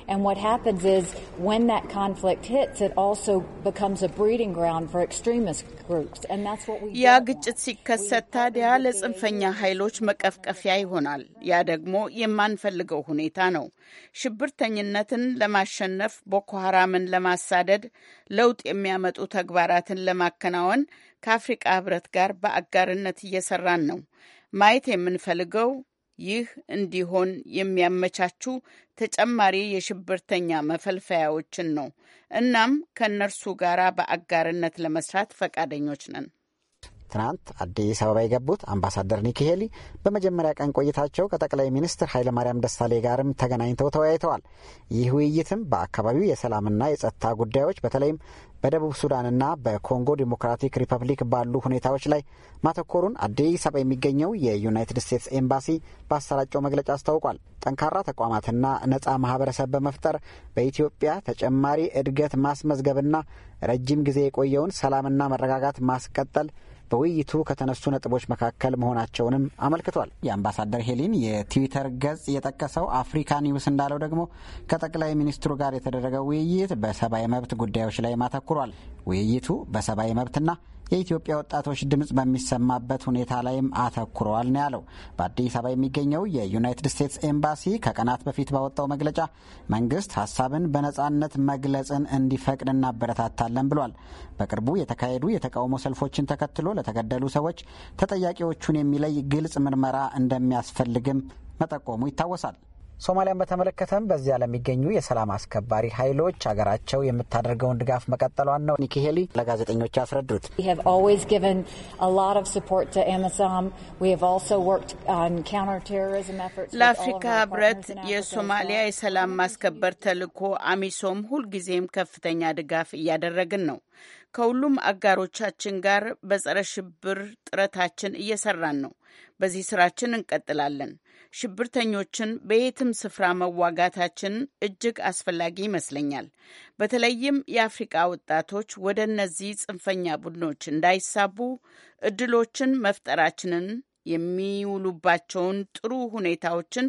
And what happens is when that conflict hits, it also becomes a breeding ground for extremist groups. And that's what we ያ ግጭት ሲከሰት ታዲያ ለጽንፈኛ ኃይሎች መቀፍቀፊያ ይሆናል። ያ ደግሞ የማንፈልገው ሁኔታ ነው። ሽብርተኝነትን ለማሸነፍ፣ ቦኮ ሐራምን ለማሳደድ፣ ለውጥ የሚያመጡ ተግባራትን ለማከናወን ከአፍሪቃ ህብረት ጋር በአጋርነት እየሰራን ነው። ማየት የምንፈልገው ይህ እንዲሆን የሚያመቻቹ ተጨማሪ የሽብርተኛ መፈልፈያዎችን ነው። እናም ከእነርሱ ጋር በአጋርነት ለመስራት ፈቃደኞች ነን። ትናንት አዲስ አበባ የገቡት አምባሳደር ኒኪ ሄሊ በመጀመሪያ ቀን ቆይታቸው ከጠቅላይ ሚኒስትር ኃይለማርያም ደሳሌ ጋርም ተገናኝተው ተወያይተዋል። ይህ ውይይትም በአካባቢው የሰላምና የጸጥታ ጉዳዮች በተለይም በደቡብ ሱዳንና በኮንጎ ዲሞክራቲክ ሪፐብሊክ ባሉ ሁኔታዎች ላይ ማተኮሩን አዲስ አበባ የሚገኘው የዩናይትድ ስቴትስ ኤምባሲ ባሰራጨው መግለጫ አስታውቋል። ጠንካራ ተቋማትና ነፃ ማህበረሰብ በመፍጠር በኢትዮጵያ ተጨማሪ እድገት ማስመዝገብና ረጅም ጊዜ የቆየውን ሰላምና መረጋጋት ማስቀጠል በውይይቱ ከተነሱ ነጥቦች መካከል መሆናቸውንም አመልክቷል። የአምባሳደር ሄሊን የትዊተር ገጽ የጠቀሰው አፍሪካ ኒውስ እንዳለው ደግሞ ከጠቅላይ ሚኒስትሩ ጋር የተደረገው ውይይት በሰብአዊ መብት ጉዳዮች ላይ ማተኩሯል። ውይይቱ በሰብአዊ መብትና የኢትዮጵያ ወጣቶች ድምፅ በሚሰማበት ሁኔታ ላይም አተኩረዋል ነው ያለው። በአዲስ አበባ የሚገኘው የዩናይትድ ስቴትስ ኤምባሲ ከቀናት በፊት ባወጣው መግለጫ መንግስት ሀሳብን በነፃነት መግለጽን እንዲፈቅድ እናበረታታለን ብሏል። በቅርቡ የተካሄዱ የተቃውሞ ሰልፎችን ተከትሎ ለተገደሉ ሰዎች ተጠያቂዎቹን የሚለይ ግልጽ ምርመራ እንደሚያስፈልግም መጠቆሙ ይታወሳል። ሶማሊያን በተመለከተም በዚያ ለሚገኙ የሰላም አስከባሪ ኃይሎች ሀገራቸው የምታደርገውን ድጋፍ መቀጠሏን ነው ኒኪ ሄሊ ለጋዜጠኞች ያስረዱት። ለአፍሪካ ህብረት የሶማሊያ የሰላም ማስከበር ተልኮ አሚሶም ሁልጊዜም ከፍተኛ ድጋፍ እያደረግን ነው። ከሁሉም አጋሮቻችን ጋር በጸረ ሽብር ጥረታችን እየሰራን ነው። በዚህ ስራችን እንቀጥላለን። ሽብርተኞችን በየትም ስፍራ መዋጋታችን እጅግ አስፈላጊ ይመስለኛል። በተለይም የአፍሪቃ ወጣቶች ወደ እነዚህ ጽንፈኛ ቡድኖች እንዳይሳቡ እድሎችን መፍጠራችንን የሚውሉባቸውን ጥሩ ሁኔታዎችን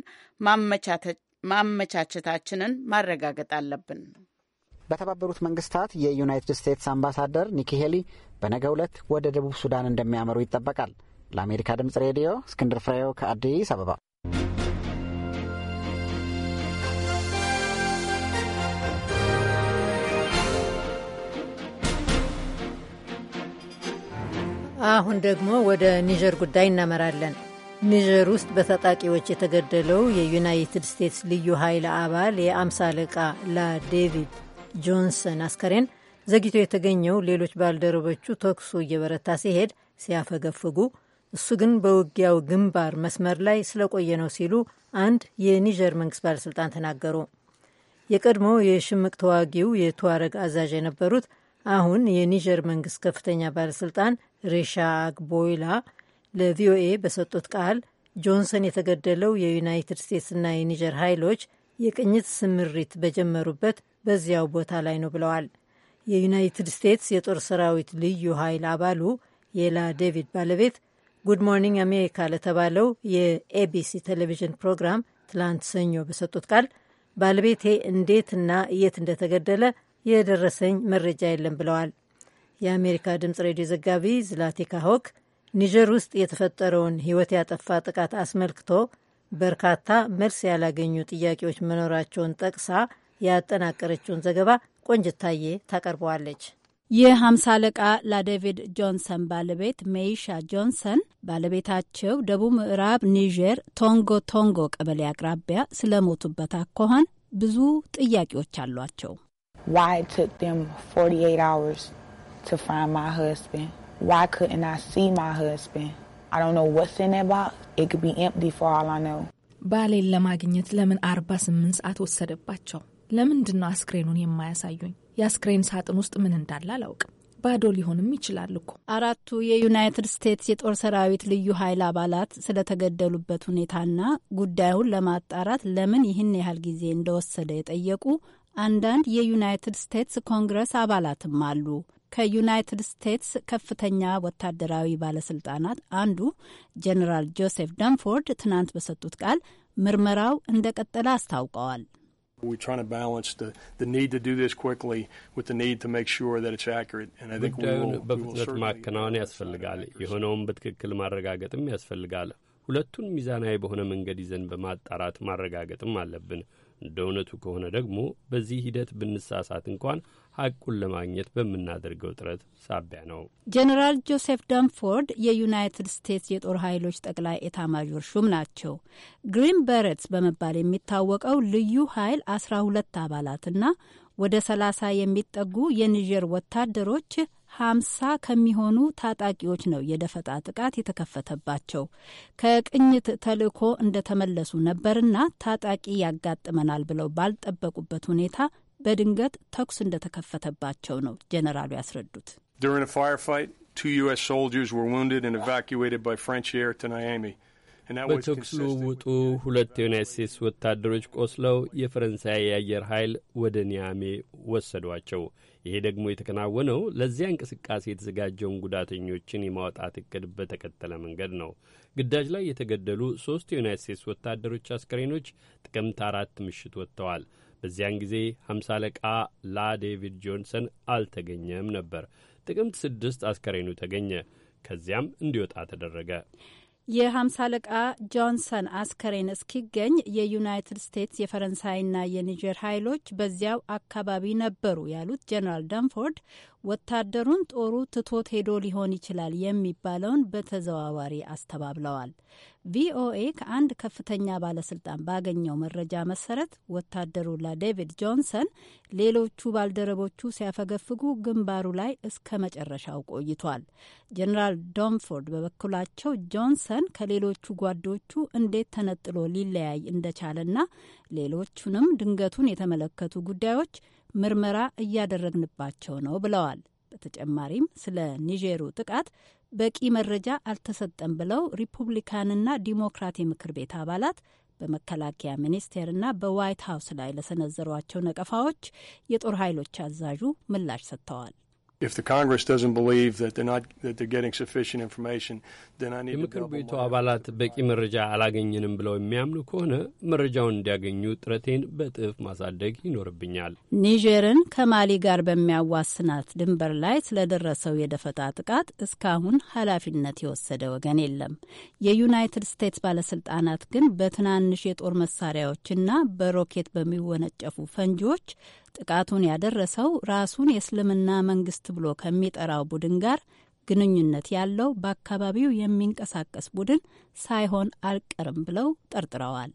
ማመቻቸታችንን ማረጋገጥ አለብን። በተባበሩት መንግስታት የዩናይትድ ስቴትስ አምባሳደር ኒኪ ሄሊ በነገው ዕለት ወደ ደቡብ ሱዳን እንደሚያመሩ ይጠበቃል። ለአሜሪካ ድምጽ ሬዲዮ እስክንድር ፍሬው ከአዲስ አበባ አሁን ደግሞ ወደ ኒጀር ጉዳይ እናመራለን። ኒጀር ውስጥ በታጣቂዎች የተገደለው የዩናይትድ ስቴትስ ልዩ ኃይል አባል የአምሳ አለቃ ላዴቪድ ጆንሰን አስከሬን ዘግይቶ የተገኘው ሌሎች ባልደረቦቹ ተኩሱ እየበረታ ሲሄድ ሲያፈገፍጉ፣ እሱ ግን በውጊያው ግንባር መስመር ላይ ስለቆየ ነው ሲሉ አንድ የኒጀር መንግስት ባለሥልጣን ተናገሩ። የቀድሞ የሽምቅ ተዋጊው የቱዋረግ አዛዥ የነበሩት አሁን የኒጀር መንግስት ከፍተኛ ባለስልጣን ሬሻ አግቦይላ ለቪኦኤ በሰጡት ቃል ጆንሰን የተገደለው የዩናይትድ ስቴትስና የኒጀር ኃይሎች የቅኝት ስምሪት በጀመሩበት በዚያው ቦታ ላይ ነው ብለዋል። የዩናይትድ ስቴትስ የጦር ሰራዊት ልዩ ኃይል አባሉ የላ ዴቪድ ባለቤት ጉድ ሞርኒንግ አሜሪካ ለተባለው የኤቢሲ ቴሌቪዥን ፕሮግራም ትላንት ሰኞ በሰጡት ቃል ባለቤቴ እንዴትና የት እንደተገደለ የደረሰኝ መረጃ የለም ብለዋል። የአሜሪካ ድምፅ ሬዲዮ ዘጋቢ ዝላቲካ ሆክ ኒጀር ውስጥ የተፈጠረውን ሕይወት ያጠፋ ጥቃት አስመልክቶ በርካታ መልስ ያላገኙ ጥያቄዎች መኖራቸውን ጠቅሳ ያጠናቀረችውን ዘገባ ቆንጅታዬ ታቀርበዋለች። የሀምሳ አለቃ ላዴቪድ ጆንሰን ባለቤት ሜይሻ ጆንሰን ባለቤታቸው ደቡብ ምዕራብ ኒጀር ቶንጎ ቶንጎ ቀበሌ አቅራቢያ ስለሞቱበት አኳኋን ብዙ ጥያቄዎች አሏቸው። Why it took them 48 hours to find my husband. Why couldn't I see my husband? I don't know what's in that box. It could be empty for all I know. ባሌን ለማግኘት ለምን 48 ሰዓት ወሰደባቸው? ለምንድን ነው አስክሬኑን የማያሳዩኝ? የአስክሬን ሳጥን ውስጥ ምን እንዳለ አላውቅም። ባዶ ሊሆንም ይችላል እኮ። አራቱ የዩናይትድ ስቴትስ የጦር ሰራዊት ልዩ ኃይል አባላት ስለተገደሉበት ሁኔታና ጉዳዩን ለማጣራት ለምን ይህን ያህል ጊዜ እንደወሰደ የጠየቁ አንዳንድ የዩናይትድ ስቴትስ ኮንግረስ አባላትም አሉ። ከዩናይትድ ስቴትስ ከፍተኛ ወታደራዊ ባለስልጣናት አንዱ ጀኔራል ጆሴፍ ደንፎርድ ትናንት በሰጡት ቃል ምርመራው እንደ ቀጠለ አስታውቀዋል። ጉዳዩን በፍጥነት ማከናወን ያስፈልጋል፣ የሆነውን በትክክል ማረጋገጥም ያስፈልጋል። ሁለቱን ሚዛናዊ በሆነ መንገድ ይዘን በማጣራት ማረጋገጥም አለብን። እንደ እውነቱ ከሆነ ደግሞ በዚህ ሂደት ብንሳሳት እንኳን ሐቁን ለማግኘት በምናደርገው ጥረት ሳቢያ ነው። ጄኔራል ጆሴፍ ዳንፎርድ የዩናይትድ ስቴትስ የጦር ኃይሎች ጠቅላይ ኤታማዦር ሹም ናቸው። ግሪን በረትስ በመባል የሚታወቀው ልዩ ኃይል አስራ ሁለት አባላትና ወደ ሰላሳ የሚጠጉ የኒጀር ወታደሮች ሀምሳ ከሚሆኑ ታጣቂዎች ነው የደፈጣ ጥቃት የተከፈተባቸው። ከቅኝት ተልእኮ እንደተመለሱ ነበርና ታጣቂ ያጋጥመናል ብለው ባልጠበቁበት ሁኔታ በድንገት ተኩስ እንደተከፈተባቸው ነው ጀነራሉ ያስረዱት። በተኩስ ልውውጡ ሁለት የዩናይት ስቴትስ ወታደሮች ቆስለው የፈረንሳይ የአየር ኃይል ወደ ኒያሜ ወሰዷቸው። ይሄ ደግሞ የተከናወነው ለዚያ እንቅስቃሴ የተዘጋጀውን ጉዳተኞችን የማውጣት እቅድ በተከተለ መንገድ ነው። ግዳጅ ላይ የተገደሉ ሦስት የዩናይት ስቴትስ ወታደሮች አስከሬኖች ጥቅምት አራት ምሽት ወጥተዋል። በዚያን ጊዜ ሀምሳ አለቃ ላ ዴቪድ ጆንሰን አልተገኘም ነበር። ጥቅምት ስድስት አስከሬኑ ተገኘ። ከዚያም እንዲወጣ ተደረገ። የሀምሳ አለቃ ጆንሰን አስከሬን እስኪገኝ የዩናይትድ ስቴትስ የፈረንሳይና የኒጀር ኃይሎች በዚያው አካባቢ ነበሩ ያሉት ጀኔራል ደንፎርድ ወታደሩን ጦሩ ትቶት ሄዶ ሊሆን ይችላል የሚባለውን በተዘዋዋሪ አስተባብለዋል። ቪኦኤ ከአንድ ከፍተኛ ባለስልጣን ባገኘው መረጃ መሰረት ወታደሩ ለዴቪድ ጆንሰን ሌሎቹ ባልደረቦቹ ሲያፈገፍጉ ግንባሩ ላይ እስከ መጨረሻው ቆይቷል። ጀኔራል ዶንፎርድ በበኩላቸው ጆንሰን ከሌሎቹ ጓዶቹ እንዴት ተነጥሎ ሊለያይ እንደቻለና ሌሎቹንም ድንገቱን የተመለከቱ ጉዳዮች ምርመራ እያደረግንባቸው ነው ብለዋል። በተጨማሪም ስለ ኒጀሩ ጥቃት በቂ መረጃ አልተሰጠም ብለው ሪፑብሊካንና ዲሞክራት የምክር ቤት አባላት በመከላከያ ሚኒስቴርና በዋይት ሀውስ ላይ ለሰነዘሯቸው ነቀፋዎች የጦር ኃይሎች አዛዡ ምላሽ ሰጥተዋል። የምክር ቤቱ አባላት በቂ መረጃ አላገኘንም ብለው የሚያምኑ ከሆነ መረጃውን እንዲያገኙ ጥረቴን በእጥፍ ማሳደግ ይኖርብኛል። ኒጀርን ከማሊ ጋር በሚያዋስናት ድንበር ላይ ስለደረሰው የደፈጣ ጥቃት እስካሁን ኃላፊነት የወሰደ ወገን የለም። የዩናይትድ ስቴትስ ባለስልጣናት ግን በትናንሽ የጦር መሳሪያዎችና በሮኬት በሚወነጨፉ ፈንጂዎች ጥቃቱን ያደረሰው ራሱን የእስልምና መንግስት ብሎ ከሚጠራው ቡድን ጋር ግንኙነት ያለው በአካባቢው የሚንቀሳቀስ ቡድን ሳይሆን አልቀርም ብለው ጠርጥረዋል።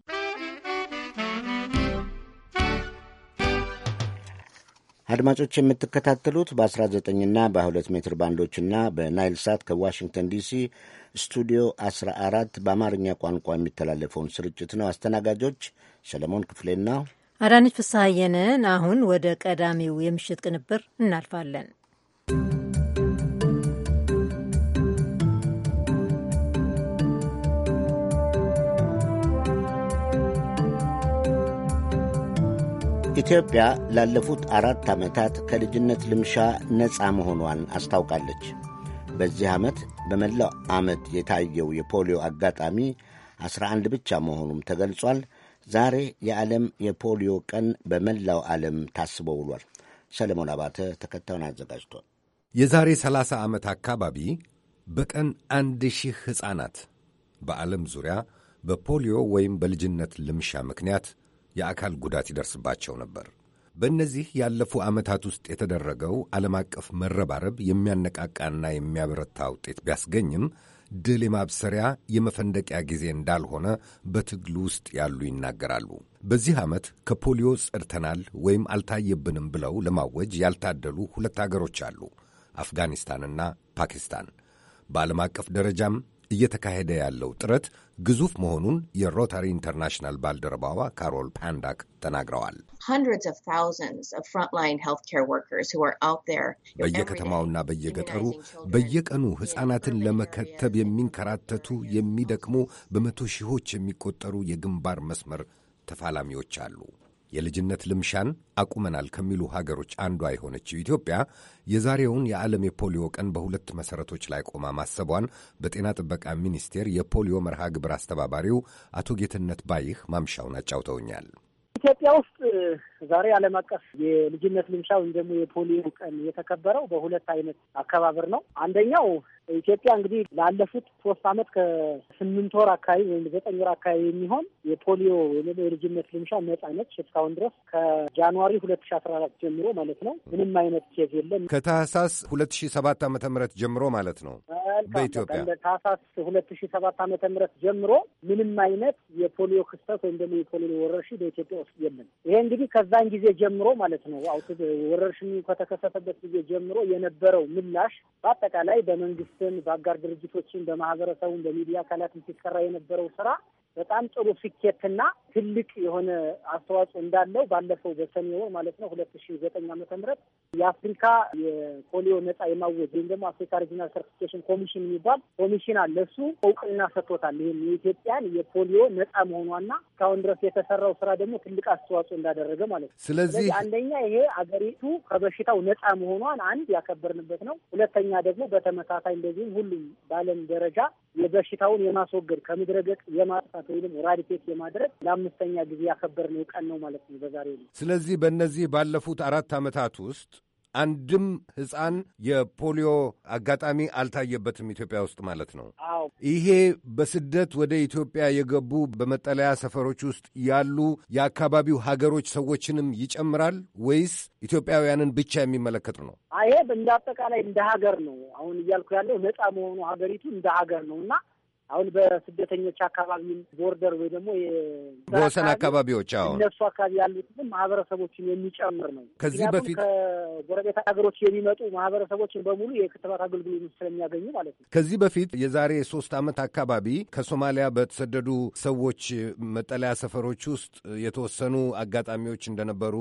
አድማጮች የምትከታተሉት በ19ና በ2 ሜትር ባንዶችና በናይል ሳት ከዋሽንግተን ዲሲ ስቱዲዮ 14 በአማርኛ ቋንቋ የሚተላለፈውን ስርጭት ነው። አስተናጋጆች ሰለሞን ክፍሌና አዳነች ፍስሐየንን። አሁን ወደ ቀዳሚው የምሽት ቅንብር እናልፋለን። ኢትዮጵያ ላለፉት አራት ዓመታት ከልጅነት ልምሻ ነፃ መሆኗን አስታውቃለች። በዚህ ዓመት በመላው ዓመት የታየው የፖሊዮ አጋጣሚ 11 ብቻ መሆኑም ተገልጿል። ዛሬ የዓለም የፖሊዮ ቀን በመላው ዓለም ታስቦ ውሏል። ሰለሞን አባተ ተከታዩን አዘጋጅቷል። የዛሬ 30 ዓመት አካባቢ በቀን አንድ ሺህ ሕፃናት በዓለም ዙሪያ በፖሊዮ ወይም በልጅነት ልምሻ ምክንያት የአካል ጉዳት ይደርስባቸው ነበር። በእነዚህ ያለፉ ዓመታት ውስጥ የተደረገው ዓለም አቀፍ መረባረብ የሚያነቃቃና የሚያበረታ ውጤት ቢያስገኝም ድል የማብሰሪያ የመፈንደቂያ ጊዜ እንዳልሆነ በትግል ውስጥ ያሉ ይናገራሉ። በዚህ ዓመት ከፖሊዮ ጸድተናል ወይም አልታየብንም ብለው ለማወጅ ያልታደሉ ሁለት አገሮች አሉ፣ አፍጋኒስታንና ፓኪስታን። በዓለም አቀፍ ደረጃም እየተካሄደ ያለው ጥረት ግዙፍ መሆኑን የሮታሪ ኢንተርናሽናል ባልደረባዋ ካሮል ፓንዳክ ተናግረዋል። በየከተማውና በየገጠሩ በየቀኑ ሕፃናትን ለመከተብ የሚንከራተቱ የሚደክሙ በመቶ ሺዎች የሚቆጠሩ የግንባር መስመር ተፋላሚዎች አሉ። የልጅነት ልምሻን አቁመናል ከሚሉ ሀገሮች አንዷ የሆነችው ኢትዮጵያ የዛሬውን የዓለም የፖሊዮ ቀን በሁለት መሠረቶች ላይ ቆማ ማሰቧን በጤና ጥበቃ ሚኒስቴር የፖሊዮ መርሃ ግብር አስተባባሪው አቶ ጌትነት ባይህ ማምሻውን አጫውተውኛል። ኢትዮጵያ ውስጥ ዛሬ ዓለም አቀፍ የልጅነት ልምሻ ወይም ደግሞ የፖሊዮ ቀን የተከበረው በሁለት አይነት አከባበር ነው። አንደኛው ኢትዮጵያ እንግዲህ ላለፉት ሶስት አመት ከስምንት ወር አካባቢ ወይም ዘጠኝ ወር አካባቢ የሚሆን የፖሊዮ ወይም የልጅነት ልምሻ ነጻ ነች። እስካሁን ድረስ ከጃንዋሪ ሁለት ሺ አስራ አራት ጀምሮ ማለት ነው ምንም አይነት ኬዝ የለም። ከታህሳስ ሁለት ሺ ሰባት አመተ ምህረት ጀምሮ ማለት ነው በኢትዮጵያ ታህሳስ ሁለት ሺ ሰባት አመተ ምህረት ጀምሮ ምንም አይነት የፖሊዮ ክስተት ወይም ደግሞ የፖሊዮ ወረርሽኝ በኢትዮጵያ ውስጥ የለም። ይሄ እንግዲህ ከዛን ጊዜ ጀምሮ ማለት ነው አውት ወረርሽኙ ከተከሰተበት ጊዜ ጀምሮ የነበረው ምላሽ በአጠቃላይ በመንግስት በመደን በአጋር ድርጅቶችን በማህበረሰቡን በሚዲያ አካላት ሲሰራ የነበረው ስራ በጣም ጥሩ ስኬትና ትልቅ የሆነ አስተዋጽኦ እንዳለው ባለፈው በሰኔ ወር ማለት ነው ሁለት ሺ ዘጠኝ ዓመተ ምህረት የአፍሪካ የፖሊዮ ነጻ የማወጅ ወይም ደግሞ አፍሪካ ሪጂናል ሰርቲፊኬሽን ኮሚሽን የሚባል ኮሚሽን አለ። እሱ እውቅና ሰጥቶታል። ይህም የኢትዮጵያን የፖሊዮ ነጻ መሆኗና እስካሁን ድረስ የተሰራው ስራ ደግሞ ትልቅ አስተዋጽኦ እንዳደረገ ማለት ነው። ስለዚህ አንደኛ ይሄ አገሪቱ ከበሽታው ነጻ መሆኗን አንድ ያከበርንበት ነው። ሁለተኛ ደግሞ በተመሳሳይ እንደዚሁም ሁሉም ባለም ደረጃ የበሽታውን የማስወገድ ከምድረ የማጥፋት ወይም ኤራዲኬት የማድረግ ለአምስተኛ ጊዜ ያከበርነው ቀን ነው ማለት ነው በዛሬው ነው። ስለዚህ በእነዚህ ባለፉት አራት ዓመታት ውስጥ አንድም ሕፃን የፖሊዮ አጋጣሚ አልታየበትም ኢትዮጵያ ውስጥ ማለት ነው። አዎ ይሄ በስደት ወደ ኢትዮጵያ የገቡ በመጠለያ ሰፈሮች ውስጥ ያሉ የአካባቢው ሀገሮች ሰዎችንም ይጨምራል ወይስ ኢትዮጵያውያንን ብቻ የሚመለከት ነው? ይሄ እንደ አጠቃላይ እንደ ሀገር ነው አሁን እያልኩ ያለው ነጻ መሆኑ ሀገሪቱ እንደ ሀገር ነው እና አሁን በስደተኞች አካባቢ ቦርደር ወይ ደግሞ በወሰን አካባቢዎች አሁን እነሱ አካባቢ ያሉትም ማህበረሰቦችን የሚጨምር ነው። ከዚህ በፊት ከጎረቤት ሀገሮች የሚመጡ ማህበረሰቦችን በሙሉ የክትባት አገልግሎት ስለሚያገኙ ማለት ነው። ከዚህ በፊት የዛሬ ሶስት ዓመት አካባቢ ከሶማሊያ በተሰደዱ ሰዎች መጠለያ ሰፈሮች ውስጥ የተወሰኑ አጋጣሚዎች እንደነበሩ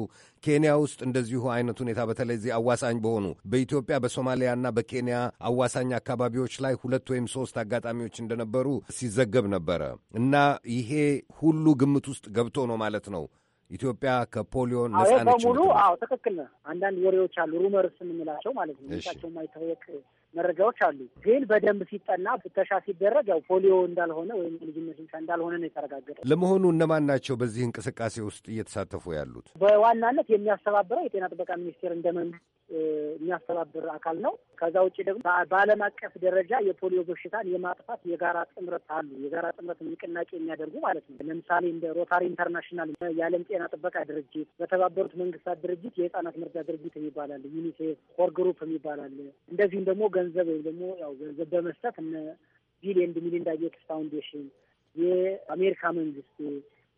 ኬንያ ውስጥ እንደዚሁ አይነት ሁኔታ በተለይ እዚህ አዋሳኝ በሆኑ በኢትዮጵያ በሶማሊያና በኬንያ አዋሳኝ አካባቢዎች ላይ ሁለት ወይም ሶስት አጋጣሚዎች እንደነበሩ ሲዘገብ ነበረ እና ይሄ ሁሉ ግምት ውስጥ ገብቶ ነው ማለት ነው። ኢትዮጵያ ከፖሊዮ ነጻ ነች። በሙሉ አዎ፣ ትክክል ነው። አንዳንድ ወሬዎች አሉ ሩመርስ የምንላቸው ማለት ነው። ሳቸው ማይታወቅ መረጃዎች አሉ። ግን በደንብ ሲጠና ፍተሻ ሲደረግ ያው ፖሊዮ እንዳልሆነ ወይም የልጅነት ሽንሻ እንዳልሆነ ነው የተረጋገጠ። ለመሆኑ እነማን ናቸው በዚህ እንቅስቃሴ ውስጥ እየተሳተፉ ያሉት? በዋናነት የሚያስተባብረው የጤና ጥበቃ ሚኒስቴር እንደመን የሚያስተባብር አካል ነው። ከዛ ውጭ ደግሞ በዓለም አቀፍ ደረጃ የፖሊዮ በሽታን የማጥፋት የጋራ ጥምረት አሉ። የጋራ ጥምረት ንቅናቄ የሚያደርጉ ማለት ነው። ለምሳሌ እንደ ሮታሪ ኢንተርናሽናል፣ የዓለም ጤና ጥበቃ ድርጅት፣ በተባበሩት መንግስታት ድርጅት የህጻናት መርጃ ድርጅት የሚባላል፣ ዩኒሴፍ ኮር ግሩፕ የሚባላል። እንደዚሁም ደግሞ ገንዘብ ወይም ደግሞ ያው ገንዘብ በመስጠት እነ ቢል ኤንድ ሚሊንዳ ጌትስ ፋውንዴሽን፣ የአሜሪካ መንግስት፣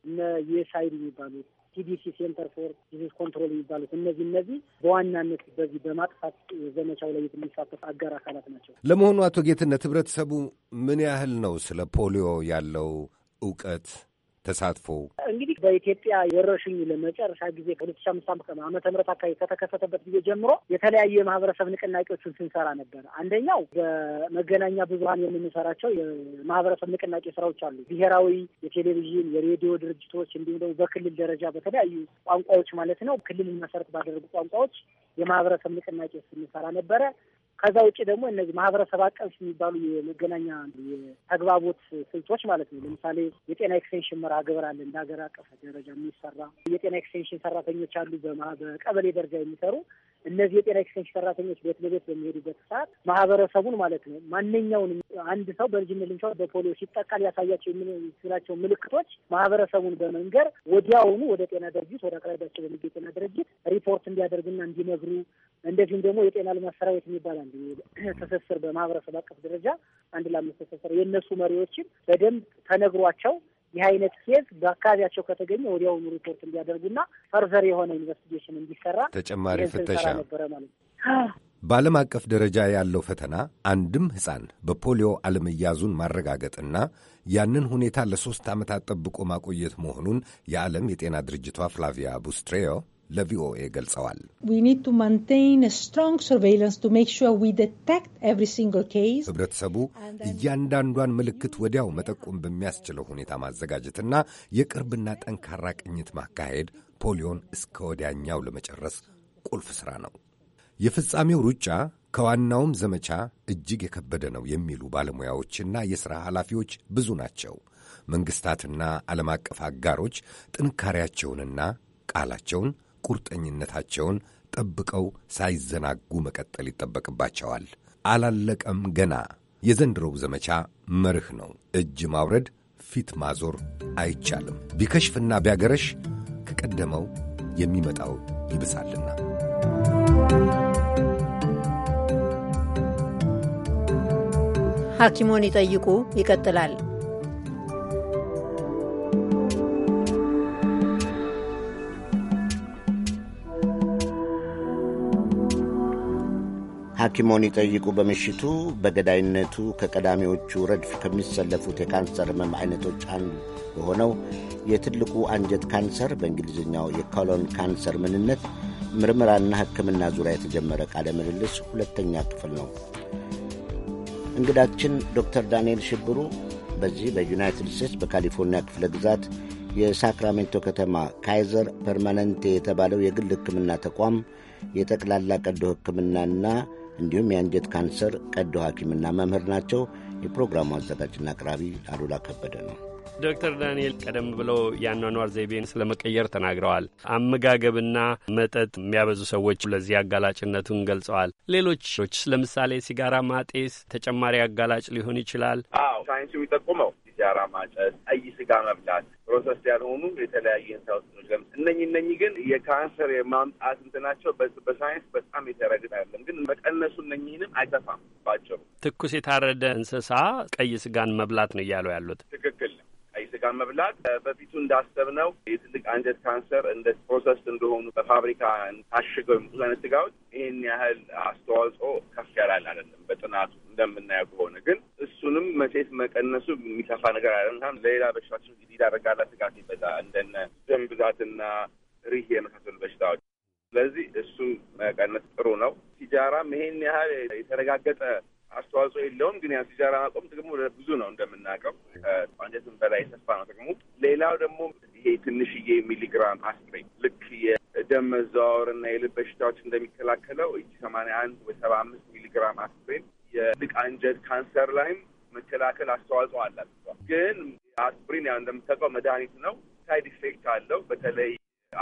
እነ ዩኤስአይድ የሚባሉት ሲዲሲ ሴንተር ፎር ዲዚዝ ኮንትሮል የሚባሉት እነዚህ እነዚህ በዋናነት በዚህ በማጥፋት ዘመቻው ላይ የሚሳተፍ አጋር አካላት ናቸው። ለመሆኑ አቶ ጌትነት ህብረተሰቡ ምን ያህል ነው ስለ ፖሊዮ ያለው እውቀት ተሳትፎ እንግዲህ በኢትዮጵያ የወረርሽኙ ለመጨረሻ ጊዜ ከሁለት ሺ አምስት ዓመተ ምህረት አካባቢ ከተከሰተበት ጊዜ ጀምሮ የተለያዩ የማህበረሰብ ንቅናቄዎችን ስንሰራ ነበር። አንደኛው በመገናኛ ብዙሀን የምንሰራቸው የማህበረሰብ ንቅናቄ ስራዎች አሉ። ብሔራዊ የቴሌቪዥን የሬዲዮ ድርጅቶች እንዲሁም ደግሞ በክልል ደረጃ በተለያዩ ቋንቋዎች ማለት ነው ክልልን መሰረት ባደረጉ ቋንቋዎች የማህበረሰብ ንቅናቄ ስንሰራ ነበረ። ከዛ ውጭ ደግሞ እነዚህ ማህበረሰብ አቀፍ የሚባሉ የመገናኛ የተግባቦት ስልቶች ማለት ነው። ለምሳሌ የጤና ኤክስቴንሽን መርሃ ግብር አለ፣ እንደ ሀገር አቀፍ ደረጃ የሚሰራ የጤና ኤክስቴንሽን ሰራተኞች አሉ፣ በቀበሌ ደረጃ የሚሰሩ እነዚህ የጤና ኤክስቴንሽን ሰራተኞች ቤት ለቤት በሚሄዱበት ሰዓት ማህበረሰቡን ማለት ነው ማንኛውን አንድ ሰው በልጅነት ልንቻ በፖሊዮ ሲጠቃ ሊያሳያቸው የሚችላቸው ምልክቶች ማህበረሰቡን በመንገር ወዲያውኑ ወደ ጤና ድርጅት ወደ አቅራቢያቸው በሚገኝ ጤና ድርጅት ሪፖርት እንዲያደርግና እንዲነግሩ እንደዚሁም ደግሞ የጤና ልማት ሰራዊት የሚባል አንድ ትስስር በማህበረሰብ አቀፍ ደረጃ አንድ ለአምስት ትስስር የእነሱ መሪዎችን በደንብ ተነግሯቸው ይህ አይነት ኬዝ በአካባቢያቸው ከተገኘ ወዲያውኑ ሪፖርት እንዲያደርጉና ፈርዘር የሆነ ኢንቨስቲጌሽን እንዲሰራ ተጨማሪ ፍተሻ ነበረ ማለት ነው። በዓለም አቀፍ ደረጃ ያለው ፈተና አንድም ሕፃን በፖሊዮ አለመያዙን ማረጋገጥና ያንን ሁኔታ ለሦስት ዓመታት ጠብቆ ማቆየት መሆኑን የዓለም የጤና ድርጅቷ ፍላቪያ ቡስትሬዮ ለቪኦኤ ገልጸዋል። ህብረተሰቡ እያንዳንዷን ምልክት ወዲያው መጠቆም በሚያስችለው ሁኔታ ማዘጋጀትና የቅርብና ጠንካራ ቅኝት ማካሄድ ፖሊዮን እስከ ወዲያኛው ለመጨረስ ቁልፍ ሥራ ነው። የፍጻሜው ሩጫ ከዋናውም ዘመቻ እጅግ የከበደ ነው የሚሉ ባለሙያዎችና የሥራ ኃላፊዎች ብዙ ናቸው። መንግሥታትና ዓለም አቀፍ አጋሮች ጥንካሬያቸውንና ቃላቸውን ቁርጠኝነታቸውን ጠብቀው ሳይዘናጉ መቀጠል ይጠበቅባቸዋል። አላለቀም ገና። የዘንድሮው ዘመቻ መርህ ነው። እጅ ማውረድ፣ ፊት ማዞር አይቻልም። ቢከሽፍና ቢያገረሽ ከቀደመው የሚመጣው ይብሳልና ሐኪሞን ይጠይቁ ይቀጥላል። ሐኪሞን ይጠይቁ በምሽቱ በገዳይነቱ ከቀዳሚዎቹ ረድፍ ከሚሰለፉት የካንሰር ህመም አይነቶች አንዱ በሆነው የትልቁ አንጀት ካንሰር በእንግሊዝኛው የኮሎን ካንሰር ምንነት ምርመራና ሕክምና ዙሪያ የተጀመረ ቃለ ምልልስ ሁለተኛ ክፍል ነው። እንግዳችን ዶክተር ዳንኤል ሽብሩ በዚህ በዩናይትድ ስቴትስ በካሊፎርኒያ ክፍለ ግዛት የሳክራሜንቶ ከተማ ካይዘር ፐርማነንቴ የተባለው የግል ሕክምና ተቋም የጠቅላላ ቀዶ ሕክምናና እንዲሁም የአንጀት ካንሰር ቀዶ ሐኪምና መምህር ናቸው። የፕሮግራሙ አዘጋጅና አቅራቢ አሉላ ከበደ ነው። ዶክተር ዳንኤል ቀደም ብለው የአኗኗር ዘይቤን ስለ መቀየር ተናግረዋል። አመጋገብና መጠጥ የሚያበዙ ሰዎች ለዚህ አጋላጭነቱን ገልጸዋል። ሌሎች ለምሳሌ ሲጋራ ማጤስ ተጨማሪ አጋላጭ ሊሆን ይችላል። አዎ ሳይንሱ የሚጠቁመው ሲጃራ ማጨስ፣ ቀይ ስጋ መብላት፣ ፕሮሰስ ያልሆኑ የተለያየ የተለያዩ ኢንሳውስኖች ለምስ እነኚህ እነኚህ ግን የካንሰር የማምጣት እንትናቸው በሳይንስ በጣም የተረግጥ አይደለም፣ ግን መቀነሱ እነኚህንም አይተፋም ባጭሩ ትኩስ የታረደ እንስሳ ቀይ ስጋን መብላት ነው እያሉ ያሉት ትክክል ፋብሪካ መብላት በፊቱ እንዳሰብነው የትልቅ አንጀት ካንሰር እንደ ፕሮሰስ እንደሆኑ በፋብሪካ ታሽገው የምጡት አይነት ስጋዎች ይህን ያህል አስተዋጽኦ ከፍ ያላል አይደለም። በጥናቱ እንደምናየው ከሆነ ግን እሱንም መቼት መቀነሱ የሚሰፋ ነገር አይደለም። ሌላ በሽታዎች ሊዳረጋላ ስጋት ይበዛ እንደነ ደም ብዛትና ሪህ የመሳሰሉ በሽታዎች። ስለዚህ እሱ መቀነስ ጥሩ ነው። ሲጃራም ይሄን ያህል የተረጋገጠ አስተዋጽኦ የለውም። ግን ያው ሲጃራ ማቆም ጥቅሙ ብዙ ነው እንደምናውቀው፣ ከአንጀትም በላይ የሰፋ ነው ጥቅሙ። ሌላው ደግሞ ይሄ ትንሽዬ ሚሊግራም አስፕሪን ልክ የደም መዘዋወር እና የልብ በሽታዎች እንደሚከላከለው እጅ ሰማንያ አንድ ወይ ሰባ አምስት ሚሊግራም አስፕሪን የልቅ አንጀት ካንሰር ላይም መከላከል አስተዋጽኦ አላት። ግን አስፕሪን ያው እንደምታውቀው መድኃኒት ነው፣ ሳይድ ኢፌክት አለው በተለይ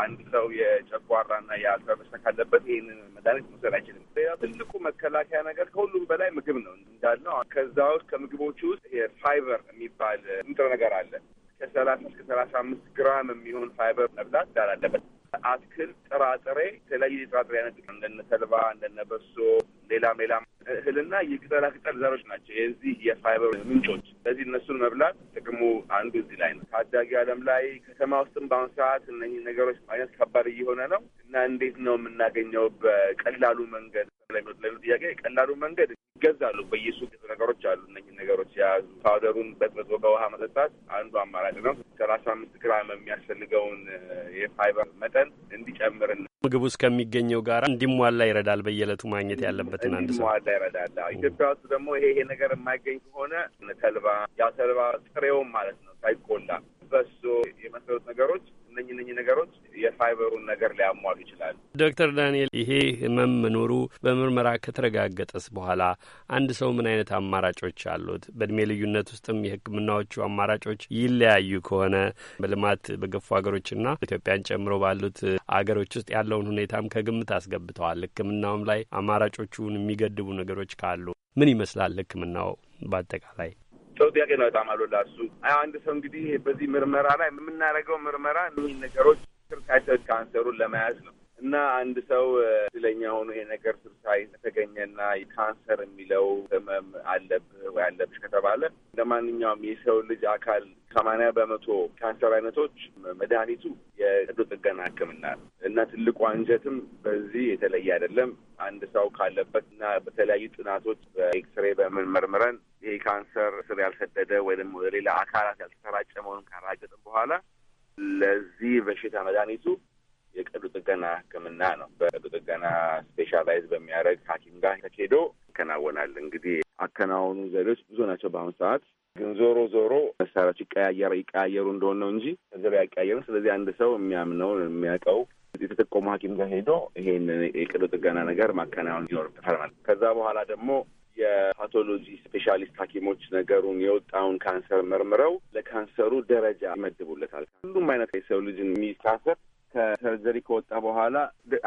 አንድ ሰው የጨጓራና የአልሰር በሽታ ካለበት ይህንን መድኃኒት መውሰድ አይችልም። ሌላ ትልቁ መከላከያ ነገር ከሁሉም በላይ ምግብ ነው እንዳልነው። ከዛ ውስጥ ከምግቦች ውስጥ የፋይበር የሚባል ንጥረ ነገር አለ። ከሰላሳ እስከ ሰላሳ አምስት ግራም የሚሆን ፋይበር መብላት እንዳላለበት አትክልት፣ ጥራጥሬ፣ የተለያዩ የጥራጥሬ አይነት እንደነ ተልባ እንደነ በሶ ሌላም ሌላም እህልና የቅጠላቅጠል ዘሮች ናቸው የዚህ የፋይበር ምንጮች። ስለዚህ እነሱን መብላት ጥቅሙ አንዱ እዚህ ላይ ነው። ታዳጊ ዓለም ላይ ከተማ ውስጥም በአሁኑ ሰዓት እነህ ነገሮች ማግኘት ከባድ እየሆነ ነው እና እንዴት ነው የምናገኘው በቀላሉ መንገድ ለሚሉ ጥያቄ ቀላሉ መንገድ ይገዛሉ። በየሱቅ ነገሮች አሉ። እነህ ነገሮች የያዙ ፓውደሩን በጥበጦ በውሃ መጠጣት አንዱ አማራጭ ነው። ከራሱ አምስት ግራም የሚያስፈልገውን የፋይበር መጠን እንዲጨምርን ምግብ ውስጥ ከሚገኘው ጋር እንዲሟላ ይረዳል። በየዕለቱ ማግኘት ያለበትን አንድ ሰው እንዲሟላ ይረዳል። ኢትዮጵያ ውስጥ ደግሞ ይሄ ይሄ ነገር የማይገኝ ከሆነ ተልባ፣ ያ ተልባ ጥሬውም ማለት ነው ሳይቆላ በሶ የመሰሉት ነገሮች እነኝ እነኝ ነገሮች የፋይበሩን ነገር ሊያሟሉ ይችላሉ። ዶክተር ዳንኤል ይሄ ህመም መኖሩ በምርመራ ከተረጋገጠስ በኋላ አንድ ሰው ምን አይነት አማራጮች አሉት? በእድሜ ልዩነት ውስጥም የህክምናዎቹ አማራጮች ይለያዩ ከሆነ በልማት በገፉ ሀገሮችና ኢትዮጵያን ጨምሮ ባሉት አገሮች ውስጥ ያለውን ሁኔታም ከግምት አስገብተዋል። ህክምናውም ላይ አማራጮቹን የሚገድቡ ነገሮች ካሉ ምን ይመስላል ህክምናው በአጠቃላይ? ሰው ጥያቄ ነው። በጣም አሉላ እሱ አንድ ሰው እንግዲህ በዚህ ምርመራ ላይ የምናደርገው ምርመራ እኒህን ነገሮች ካንሰሩን ለመያዝ ነው። እና አንድ ሰው እድለኛ ሆኖ ይሄ ነገር ስብሳይ ተገኘና ካንሰር የሚለው ህመም አለብህ ወይ አለብሽ ከተባለ እንደ ማንኛውም የሰው ልጅ አካል ሰማንያ በመቶ ካንሰር አይነቶች መድኃኒቱ የቀዶ ጥገና ህክምና ነው እና ትልቁ አንጀትም በዚህ የተለየ አይደለም። አንድ ሰው ካለበት እና በተለያዩ ጥናቶች በኤክስሬ በምን መርምረን ይህ ካንሰር ስር ያልሰደደ ወይ ደግሞ ሌላ አካላት ያልተሰራጨ መሆኑን ካረጋገጥን በኋላ ለዚህ በሽታ መድኃኒቱ የቀዶ ጥገና ሕክምና ነው። በቀዶ ጥገና ስፔሻላይዝ በሚያደርግ ሐኪም ጋር ተኬዶ ይከናወናል። እንግዲህ አከናወኑ ዘዴዎች ብዙ ናቸው በአሁኑ ሰዓት ግን ዞሮ ዞሮ መሳሪያዎች ይቀያየር ይቀያየሩ እንደሆነ ነው እንጂ ገንዘብ ያቀያየሩ። ስለዚህ አንድ ሰው የሚያምነው የሚያውቀው የተጠቆሙ ሐኪም ጋር ሄዶ ይሄን የቀዶ ጥገና ነገር ማከናወን ይኖርበታል ማለት ነው። ከዛ በኋላ ደግሞ የፓቶሎጂ ስፔሻሊስት ሐኪሞች ነገሩን የወጣውን ካንሰር መርምረው ለካንሰሩ ደረጃ ይመድቡለታል። ሁሉም አይነት የሰው ልጅን የሚሳሰር ከሰርጀሪ ከወጣ በኋላ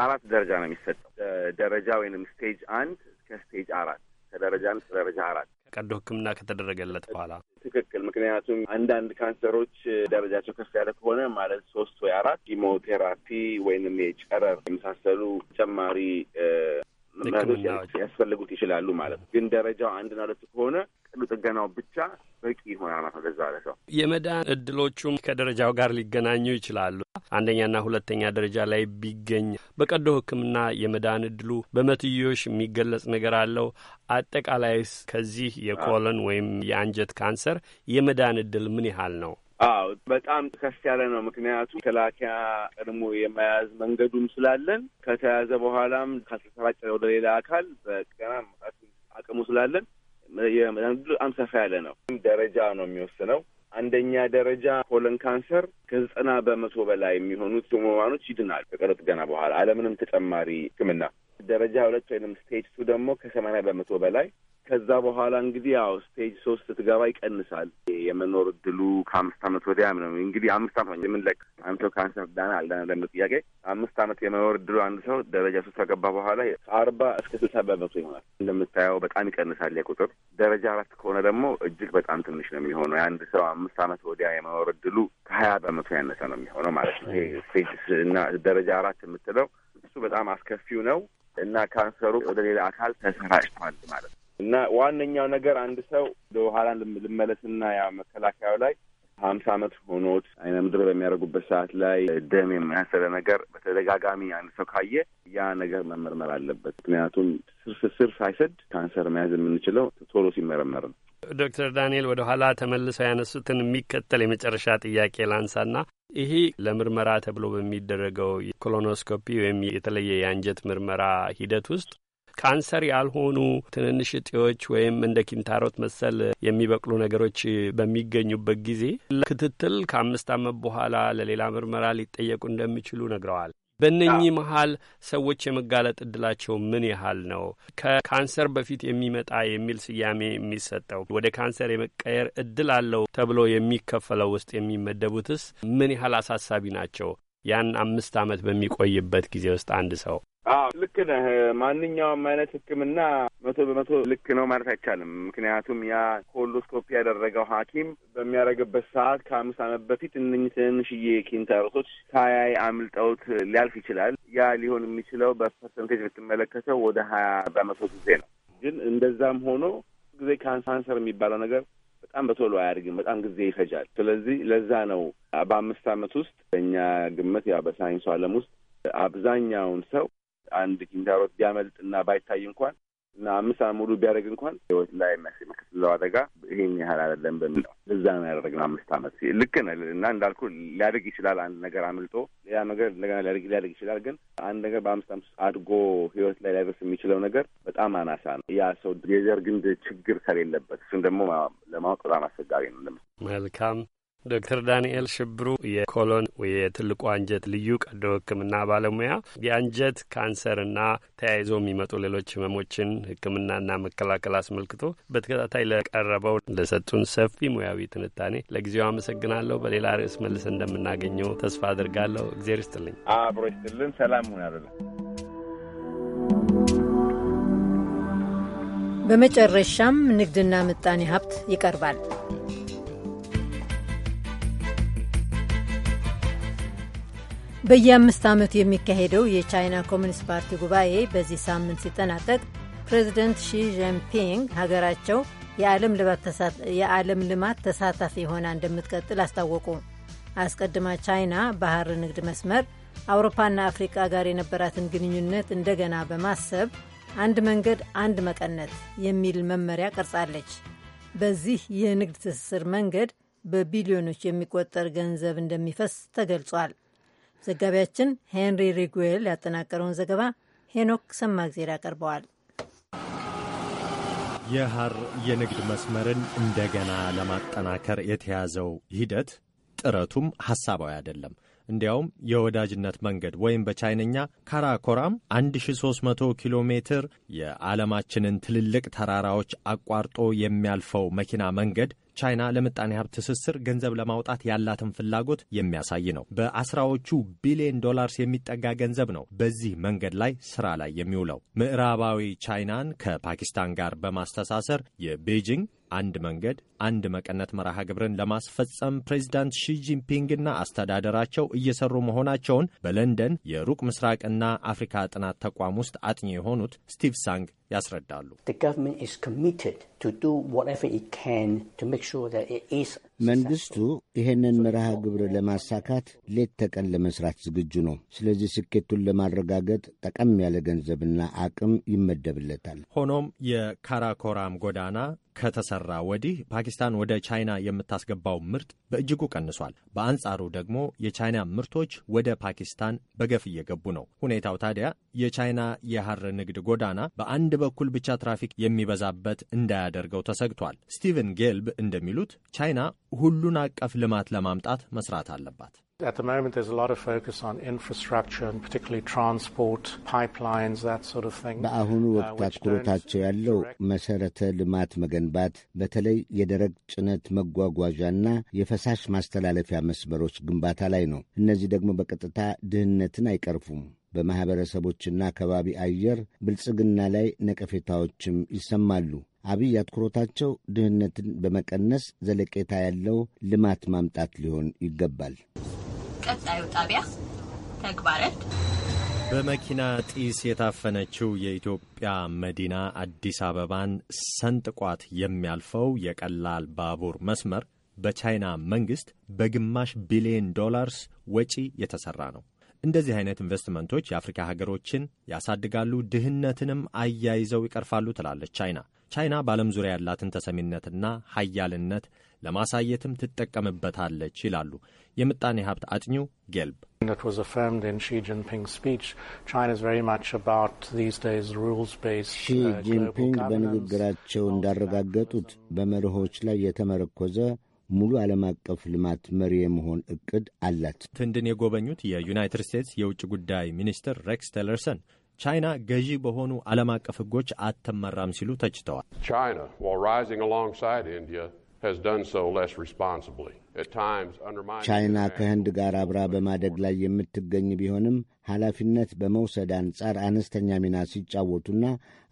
አራት ደረጃ ነው የሚሰጠው። ደረጃ ወይንም ስቴጅ አንድ እስከ ስቴጅ አራት ከደረጃ አንድ እስከ ደረጃ አራት ቀዶ ሕክምና ከተደረገለት በኋላ ትክክል። ምክንያቱም አንዳንድ ካንሰሮች ደረጃቸው ከፍ ያለ ከሆነ ማለት ሶስት ወይ አራት ኪሞቴራፒ ወይንም የጨረር የመሳሰሉ ተጨማሪ መዶች ያስፈልጉት ይችላሉ ማለት ነው። ግን ደረጃው አንድና ሁለት ከሆነ ቀዶ ጥገናው ብቻ በቂ ይሆናል ማለት ነው። ለዛ ለሰው የመዳን እድሎቹም ከደረጃው ጋር ሊገናኙ ይችላሉ። አንደኛና ሁለተኛ ደረጃ ላይ ቢገኝ በቀዶ ሕክምና የመዳን እድሉ በመትዮሽ የሚገለጽ ነገር አለው። አጠቃላይስ ከዚህ የኮለን ወይም የአንጀት ካንሰር የመዳን እድል ምን ያህል ነው? አዎ በጣም ከፍ ያለ ነው። ምክንያቱም መከላከያ ቀድሞ የመያዝ መንገዱም ስላለን ከተያዘ በኋላም ካልተሰራጨ ወደ ሌላ አካል በቀና መጣት አቅሙ ስላለን በጣም ሰፋ ያለ ነው። ደረጃ ነው የሚወስነው። አንደኛ ደረጃ ኮለን ካንሰር ከዘጠና በመቶ በላይ የሚሆኑት ህሙማኖች ይድናል ከቀዶ ጥገና በኋላ አለምንም ተጨማሪ ህክምና። ደረጃ ሁለት ወይም ስቴጅ ቱ ደግሞ ከሰማንያ በመቶ በላይ ከዛ በኋላ እንግዲህ ያው ስቴጅ ሶስት ትገባ ይቀንሳል የመኖር እድሉ ከአምስት አመት ወዲያ ነው እንግዲህ አምስት አመት የምንለቅ አንተው ከአንሰር ዳና አልዳና ለምለ ጥያቄ አምስት አመት የመኖር እድሉ አንድ ሰው ደረጃ ሶስት ከገባ በኋላ ከአርባ እስከ ስልሳ በመቶ ይሆናል። እንደምታየው በጣም ይቀንሳል የቁጥር ደረጃ አራት ከሆነ ደግሞ እጅግ በጣም ትንሽ ነው የሚሆነው። የአንድ ሰው አምስት አመት ወዲያ የመኖር እድሉ ከሀያ በመቶ ያነሰ ነው የሚሆነው ማለት ነው። ይሄ ስቴጅ እና ደረጃ አራት የምትለው እሱ በጣም አስከፊው ነው እና ካንሰሩ ወደ ሌላ አካል ተሰራጭቷል ማለት ነው። እና ዋነኛው ነገር አንድ ሰው ወደ ልመለስና ያ መከላከያው ላይ ሀምሳ አመት ሆኖት አይነ ምድር በሚያደርጉበት ሰዓት ላይ ደም የሚያሰለ ነገር በተደጋጋሚ አንድ ሰው ካየ ያ ነገር መመርመር አለበት። ምክንያቱም ስር ስር ሳይሰድ ካንሰር መያዝ የምንችለው ቶሎ ሲመረመር ነው። ዶክተር ዳንኤል ወደ ኋላ ተመልሰው ያነሱትን የሚከተል የመጨረሻ ጥያቄ ላንሳና ይሄ ለምርመራ ተብሎ በሚደረገው ኮሎኖስኮፒ ወይም የተለየ የአንጀት ምርመራ ሂደት ውስጥ ካንሰር ያልሆኑ ትንንሽ እጤዎች ወይም እንደ ኪንታሮት መሰል የሚበቅሉ ነገሮች በሚገኙበት ጊዜ ክትትል ከአምስት ዓመት በኋላ ለሌላ ምርመራ ሊጠየቁ እንደሚችሉ ነግረዋል። በእነኚህ መሀል ሰዎች የመጋለጥ እድላቸው ምን ያህል ነው? ከካንሰር በፊት የሚመጣ የሚል ስያሜ የሚሰጠው ወደ ካንሰር የመቀየር እድል አለው ተብሎ የሚከፈለው ውስጥ የሚመደቡትስ ምን ያህል አሳሳቢ ናቸው? ያን አምስት ዓመት በሚቆይበት ጊዜ ውስጥ አንድ ሰው አዎ ልክ ነህ። ማንኛውም አይነት ሕክምና መቶ በመቶ ልክ ነው ማለት አይቻልም። ምክንያቱም ያ ኮሎስኮፒ ያደረገው ሐኪም በሚያደርግበት ሰዓት ከአምስት ዓመት በፊት እነኝህ ትንንሽዬ ኪንታሮቶች ሳያይ አምልጠውት ሊያልፍ ይችላል። ያ ሊሆን የሚችለው በፐርሰንቴጅ ብትመለከተው ወደ ሀያ በመቶ ጊዜ ነው። ግን እንደዛም ሆኖ ጊዜ ካንሰር የሚባለው ነገር በጣም በቶሎ አያድግም፣ በጣም ጊዜ ይፈጃል። ስለዚህ ለዛ ነው በአምስት ዓመት ውስጥ በእኛ ግምት ያው በሳይንሱ ዓለም ውስጥ አብዛኛውን ሰው አንድ ኪንታሮት ቢያመልጥና ባይታይ እንኳን እና አምስት ዓመት ሙሉ ቢያደርግ እንኳን ህይወት ላይ የሚያስከትለው አደጋ ይሄን ያህል አይደለም በሚለው እዛ ነው ያደረግነው። አምስት ዓመት ልክ ነህ እና እንዳልኩ ሊያድግ ይችላል። አንድ ነገር አምልጦ ሌላ ነገር እንደገና ሊያድግ ሊያድግ ይችላል። ግን አንድ ነገር በአምስት ዓመት አድጎ ህይወት ላይ ሊያደርስ የሚችለው ነገር በጣም አናሳ ነው። ያ ሰው የዘር ግንድ ችግር ከሌለበት እሱን ደግሞ ለማወቅ በጣም አስቸጋሪ ነው። መልካም ዶክተር ዳንኤል ሽብሩ የኮሎን የትልቁ አንጀት ልዩ ቀዶ ሕክምና ባለሙያ የአንጀት ካንሰርና ተያይዞ የሚመጡ ሌሎች ህመሞችን ሕክምናና መከላከል አስመልክቶ በተከታታይ ለቀረበው ለሰጡን ሰፊ ሙያዊ ትንታኔ ለጊዜው አመሰግናለሁ። በሌላ ርዕስ መልስ እንደምናገኘው ተስፋ አድርጋለሁ። እግዜር ይስጥልኝ። አብሮ ይስጥልን። ሰላም ሁን አለ በመጨረሻም ንግድና ምጣኔ ሀብት ይቀርባል። በየአምስት ዓመቱ የሚካሄደው የቻይና ኮሚኒስት ፓርቲ ጉባኤ በዚህ ሳምንት ሲጠናቀቅ ፕሬዚደንት ሺ ጂንፒንግ ሀገራቸው የዓለም ልማት ተሳታፊ ሆና እንደምትቀጥል አስታወቁ። አስቀድማ ቻይና ባህር ንግድ መስመር አውሮፓና አፍሪቃ ጋር የነበራትን ግንኙነት እንደገና በማሰብ አንድ መንገድ አንድ መቀነት የሚል መመሪያ ቀርጻለች። በዚህ የንግድ ትስስር መንገድ በቢሊዮኖች የሚቆጠር ገንዘብ እንደሚፈስ ተገልጿል። ዘጋቢያችን ሄንሪ ሪጉዌል ያጠናቀረውን ዘገባ ሄኖክ ሰማግዜር ያቀርበዋል። የሐር የንግድ መስመርን እንደገና ለማጠናከር የተያዘው ሂደት ጥረቱም ሐሳባዊ አይደለም። እንዲያውም የወዳጅነት መንገድ ወይም በቻይነኛ ካራኮራም 1300 ኪሎ ሜትር የዓለማችንን ትልልቅ ተራራዎች አቋርጦ የሚያልፈው መኪና መንገድ ቻይና ለምጣኔ ሀብት ትስስር ገንዘብ ለማውጣት ያላትን ፍላጎት የሚያሳይ ነው። በአስራዎቹ ቢሊዮን ዶላርስ የሚጠጋ ገንዘብ ነው በዚህ መንገድ ላይ ስራ ላይ የሚውለው። ምዕራባዊ ቻይናን ከፓኪስታን ጋር በማስተሳሰር የቤጂንግ አንድ መንገድ አንድ መቀነት መርሃ ግብርን ለማስፈጸም ፕሬዚዳንት ሺጂንፒንግና አስተዳደራቸው እየሰሩ መሆናቸውን በለንደን የሩቅ ምስራቅና አፍሪካ ጥናት ተቋም ውስጥ አጥኚ የሆኑት ስቲቭ ሳንግ ያስረዳሉ። መንግስቱ ይህንን መርሃ ግብር ለማሳካት ሌት ተቀን ለመስራት ዝግጁ ነው። ስለዚህ ስኬቱን ለማረጋገጥ ጠቀም ያለ ገንዘብና አቅም ይመደብለታል። ሆኖም የካራኮራም ጎዳና ከተሰራ ወዲህ ፓኪስታን ወደ ቻይና የምታስገባው ምርት በእጅጉ ቀንሷል። በአንጻሩ ደግሞ የቻይና ምርቶች ወደ ፓኪስታን በገፍ እየገቡ ነው። ሁኔታው ታዲያ የቻይና የሐር ንግድ ጎዳና በአንድ በኩል ብቻ ትራፊክ የሚበዛበት እንዳያደርገው ተሰግቷል። ስቲቨን ጌልብ እንደሚሉት ቻይና ሁሉን አቀፍ ልማት ለማምጣት መስራት አለባት። At the moment, there's a lot of focus on infrastructure and particularly transport, pipelines, that sort of thing. በአሁኑ uh, ወቅት አትኩሮታቸው ያለው መሰረተ ልማት መገንባት በተለይ የደረቅ ጭነት መጓጓዣና የፈሳሽ ማስተላለፊያ መስመሮች ግንባታ ላይ ነው። እነዚህ ደግሞ በቀጥታ ድህነትን አይቀርፉም። በማኅበረሰቦችና ከባቢ አየር ብልጽግና ላይ ነቀፌታዎችም ይሰማሉ። አብይ አትኩሮታቸው ድህነትን በመቀነስ ዘለቄታ ያለው ልማት ማምጣት ሊሆን ይገባል። ቀጣዩ ጣቢያ ተግባረድ። በመኪና ጢስ የታፈነችው የኢትዮጵያ መዲና አዲስ አበባን ሰንጥቋት የሚያልፈው የቀላል ባቡር መስመር በቻይና መንግሥት በግማሽ ቢሊዮን ዶላርስ ወጪ የተሠራ ነው። እንደዚህ አይነት ኢንቨስትመንቶች የአፍሪካ ሀገሮችን ያሳድጋሉ፣ ድህነትንም አያይዘው ይቀርፋሉ ትላለች ቻይና። ቻይና በዓለም ዙሪያ ያላትን ተሰሚነትና ሀያልነት ለማሳየትም ትጠቀምበታለች ይላሉ የምጣኔ ሀብት አጥኚው ጌልብ። ሺ ጂንፒንግ በንግግራቸው እንዳረጋገጡት በመርሆች ላይ የተመረኮዘ ሙሉ ዓለም አቀፍ ልማት መሪ የመሆን እቅድ አላት። ትንድን የጎበኙት የዩናይትድ ስቴትስ የውጭ ጉዳይ ሚኒስትር ሬክስ ቴለርሰን ቻይና ገዢ በሆኑ ዓለም አቀፍ ሕጎች አትመራም ሲሉ ተችተዋል። has done so less responsibly. ቻይና ከህንድ ጋር አብራ በማደግ ላይ የምትገኝ ቢሆንም ኃላፊነት በመውሰድ አንጻር አነስተኛ ሚና ሲጫወቱና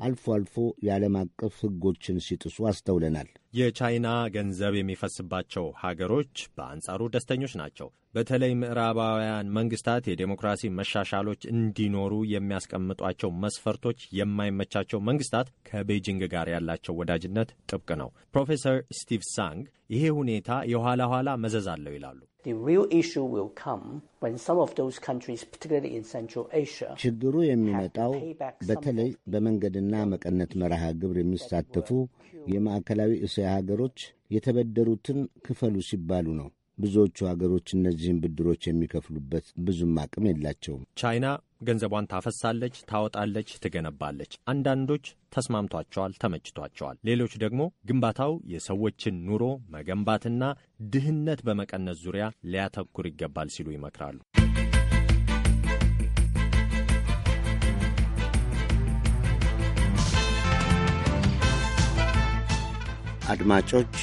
አልፎ አልፎ የዓለም አቀፍ ሕጎችን ሲጥሱ አስተውለናል። የቻይና ገንዘብ የሚፈስባቸው ሀገሮች በአንጻሩ ደስተኞች ናቸው። በተለይ ምዕራባውያን መንግስታት የዴሞክራሲ መሻሻሎች እንዲኖሩ የሚያስቀምጧቸው መስፈርቶች የማይመቻቸው መንግስታት ከቤጂንግ ጋር ያላቸው ወዳጅነት ጥብቅ ነው። ፕሮፌሰር ስቲቭ ሳንግ ይሄ ሁኔታ የኋላ ኋላ መዘዝ አለው ይላሉ። ችግሩ የሚመጣው በተለይ በመንገድና መቀነት መርሃ ግብር የሚሳተፉ የማዕከላዊ እስያ ሀገሮች የተበደሩትን ክፈሉ ሲባሉ ነው። ብዙዎቹ ሀገሮች እነዚህን ብድሮች የሚከፍሉበት ብዙም አቅም የላቸውም። ቻይና ገንዘቧን ታፈሳለች፣ ታወጣለች፣ ትገነባለች። አንዳንዶች ተስማምቷቸዋል፣ ተመችቷቸዋል። ሌሎች ደግሞ ግንባታው የሰዎችን ኑሮ መገንባትና ድህነት በመቀነስ ዙሪያ ሊያተኩር ይገባል ሲሉ ይመክራሉ። አድማጮች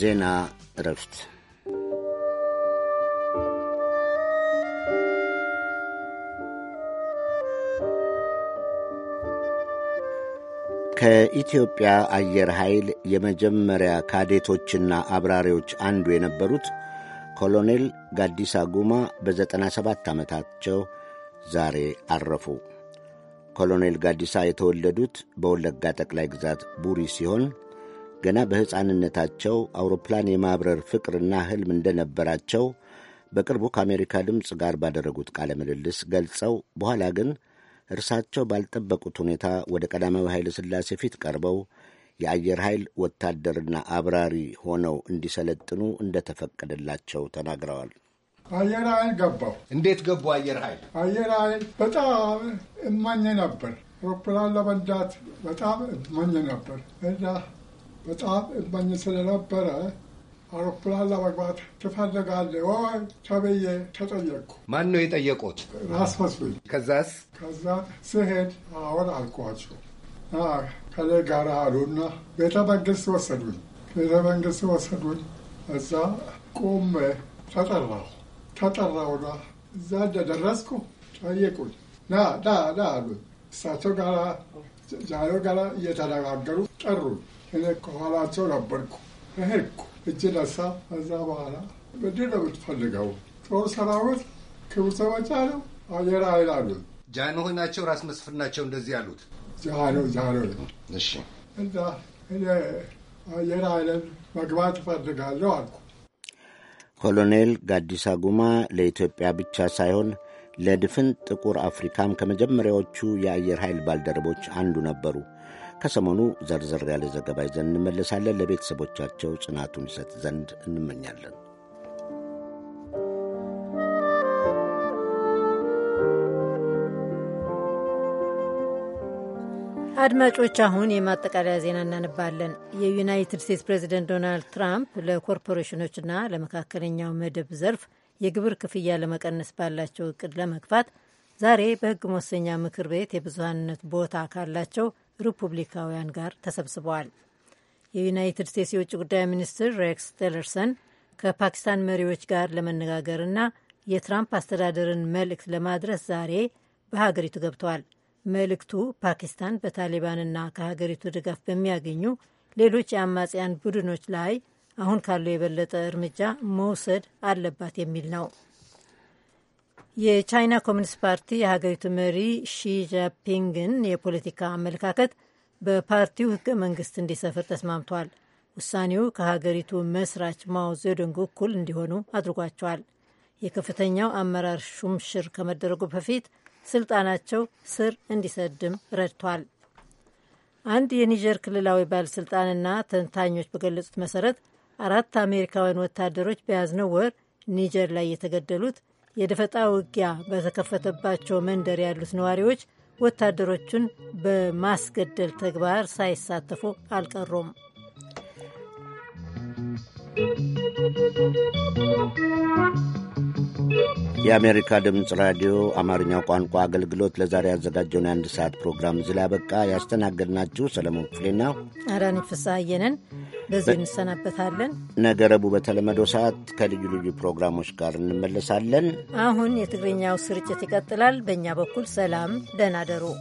ዜና እረፍት ከኢትዮጵያ አየር ኃይል የመጀመሪያ ካዴቶችና አብራሪዎች አንዱ የነበሩት ኮሎኔል ጋዲሳ ጉማ በ97 ዓመታቸው ዛሬ አረፉ። ኮሎኔል ጋዲሳ የተወለዱት በወለጋ ጠቅላይ ግዛት ቡሪ ሲሆን ገና በሕፃንነታቸው አውሮፕላን የማብረር ፍቅርና ሕልም እንደነበራቸው በቅርቡ ከአሜሪካ ድምፅ ጋር ባደረጉት ቃለ ምልልስ ገልጸው በኋላ ግን እርሳቸው ባልጠበቁት ሁኔታ ወደ ቀዳማዊ ኃይለ ሥላሴ ፊት ቀርበው የአየር ኃይል ወታደርና አብራሪ ሆነው እንዲሰለጥኑ እንደተፈቀደላቸው ተናግረዋል። አየር ኃይል ገባው። እንዴት ገቡ? አየር ኃይል አየር ኃይል በጣም እማኝ ነበር። አውሮፕላን ለመንዳት በጣም እማኝ ነበር በጣም እማኝ ስለነበረ አውሮፕላን ለመግባት ትፈልጋለህ ወይ ተብዬ ተጠየቅኩ። ማን ነው የጠየቁት? ራስ መስሎኝ። ከዛስ? ከዛ ስሄድ አሁን አልኳቸው ከሌ ጋር አሉና ቤተ መንግስት ወሰዱኝ። ቤተ መንግስት ወሰዱኝ። እዛ ቁም ተጠራሁ። ተጠራውና እዛ እንደደረስኩ ጠየቁኝ። ና ና ና አሉኝ። እሳቸው ጋር ጃኖ ጋር እየተነጋገሩ ጠሩኝ። እኔ ከኋላቸው ነበርኩ ሄድኩ? እጅ ነሳ። ከዛ በኋላ ምንድን ነው የምትፈልገው? ጦር ሰራዊት ክቡር ዘበጫለው አየር ኃይል አሉት። ጃንሆይ ናቸው ራስ መስፍን ናቸው እንደዚህ ያሉት ጃንሆይ ጃንሆይ እሺ። እና እኔ አየር ኃይልን መግባት እፈልጋለሁ አልኩ። ኮሎኔል ጋዲሳ ጉማ ለኢትዮጵያ ብቻ ሳይሆን ለድፍን ጥቁር አፍሪካም ከመጀመሪያዎቹ የአየር ኃይል ባልደረቦች አንዱ ነበሩ። ከሰሞኑ ዘርዘር ያለ ዘገባ ይዘን እንመለሳለን። ለቤተሰቦቻቸው ጽናቱን ይሰጥ ዘንድ እንመኛለን። አድማጮች፣ አሁን የማጠቃለያ ዜና እናንባለን። የዩናይትድ ስቴትስ ፕሬዚደንት ዶናልድ ትራምፕ ለኮርፖሬሽኖችና ለመካከለኛው መደብ ዘርፍ የግብር ክፍያ ለመቀነስ ባላቸው እቅድ ለመግፋት ዛሬ በሕግ መወሰኛ ምክር ቤት የብዙሃንነት ቦታ ካላቸው ሪፑብሊካውያን ጋር ተሰብስበዋል። የዩናይትድ ስቴትስ የውጭ ጉዳይ ሚኒስትር ሬክስ ቴለርሰን ከፓኪስታን መሪዎች ጋር ለመነጋገርና የትራምፕ አስተዳደርን መልእክት ለማድረስ ዛሬ በሀገሪቱ ገብተዋል። መልእክቱ ፓኪስታን በታሊባንና ከሀገሪቱ ድጋፍ በሚያገኙ ሌሎች የአማጽያን ቡድኖች ላይ አሁን ካለው የበለጠ እርምጃ መውሰድ አለባት የሚል ነው። የቻይና ኮሚኒስት ፓርቲ የሀገሪቱ መሪ ሺጃፒንግን የፖለቲካ አመለካከት በፓርቲው ህገ መንግስት እንዲሰፍር ተስማምቷል። ውሳኔው ከሀገሪቱ መስራች ማው ዜዶንግ እኩል እንዲሆኑ አድርጓቸዋል። የከፍተኛው አመራር ሹምሽር ከመደረጉ በፊት ስልጣናቸው ስር እንዲሰድም ረድቷል። አንድ የኒጀር ክልላዊ ባለሥልጣንና ተንታኞች በገለጹት መሰረት አራት አሜሪካውያን ወታደሮች በያዝነው ወር ኒጀር ላይ የተገደሉት የደፈጣ ውጊያ በተከፈተባቸው መንደር ያሉት ነዋሪዎች ወታደሮቹን በማስገደል ተግባር ሳይሳተፉ አልቀሩም። Thank you. የአሜሪካ ድምፅ ራዲዮ አማርኛው ቋንቋ አገልግሎት ለዛሬ ያዘጋጀውን የአንድ ሰዓት ፕሮግራም እዚህ ላይ አበቃ። ያስተናገድናችሁ ሰለሞን ክፍሌና አዳነች ፍስሐየንን በዚህ እንሰናበታለን። ነገ ረቡዕ በተለመደው ሰዓት ከልዩ ልዩ ፕሮግራሞች ጋር እንመለሳለን። አሁን የትግርኛው ስርጭት ይቀጥላል። በእኛ በኩል ሰላም፣ ደህና ደሩ።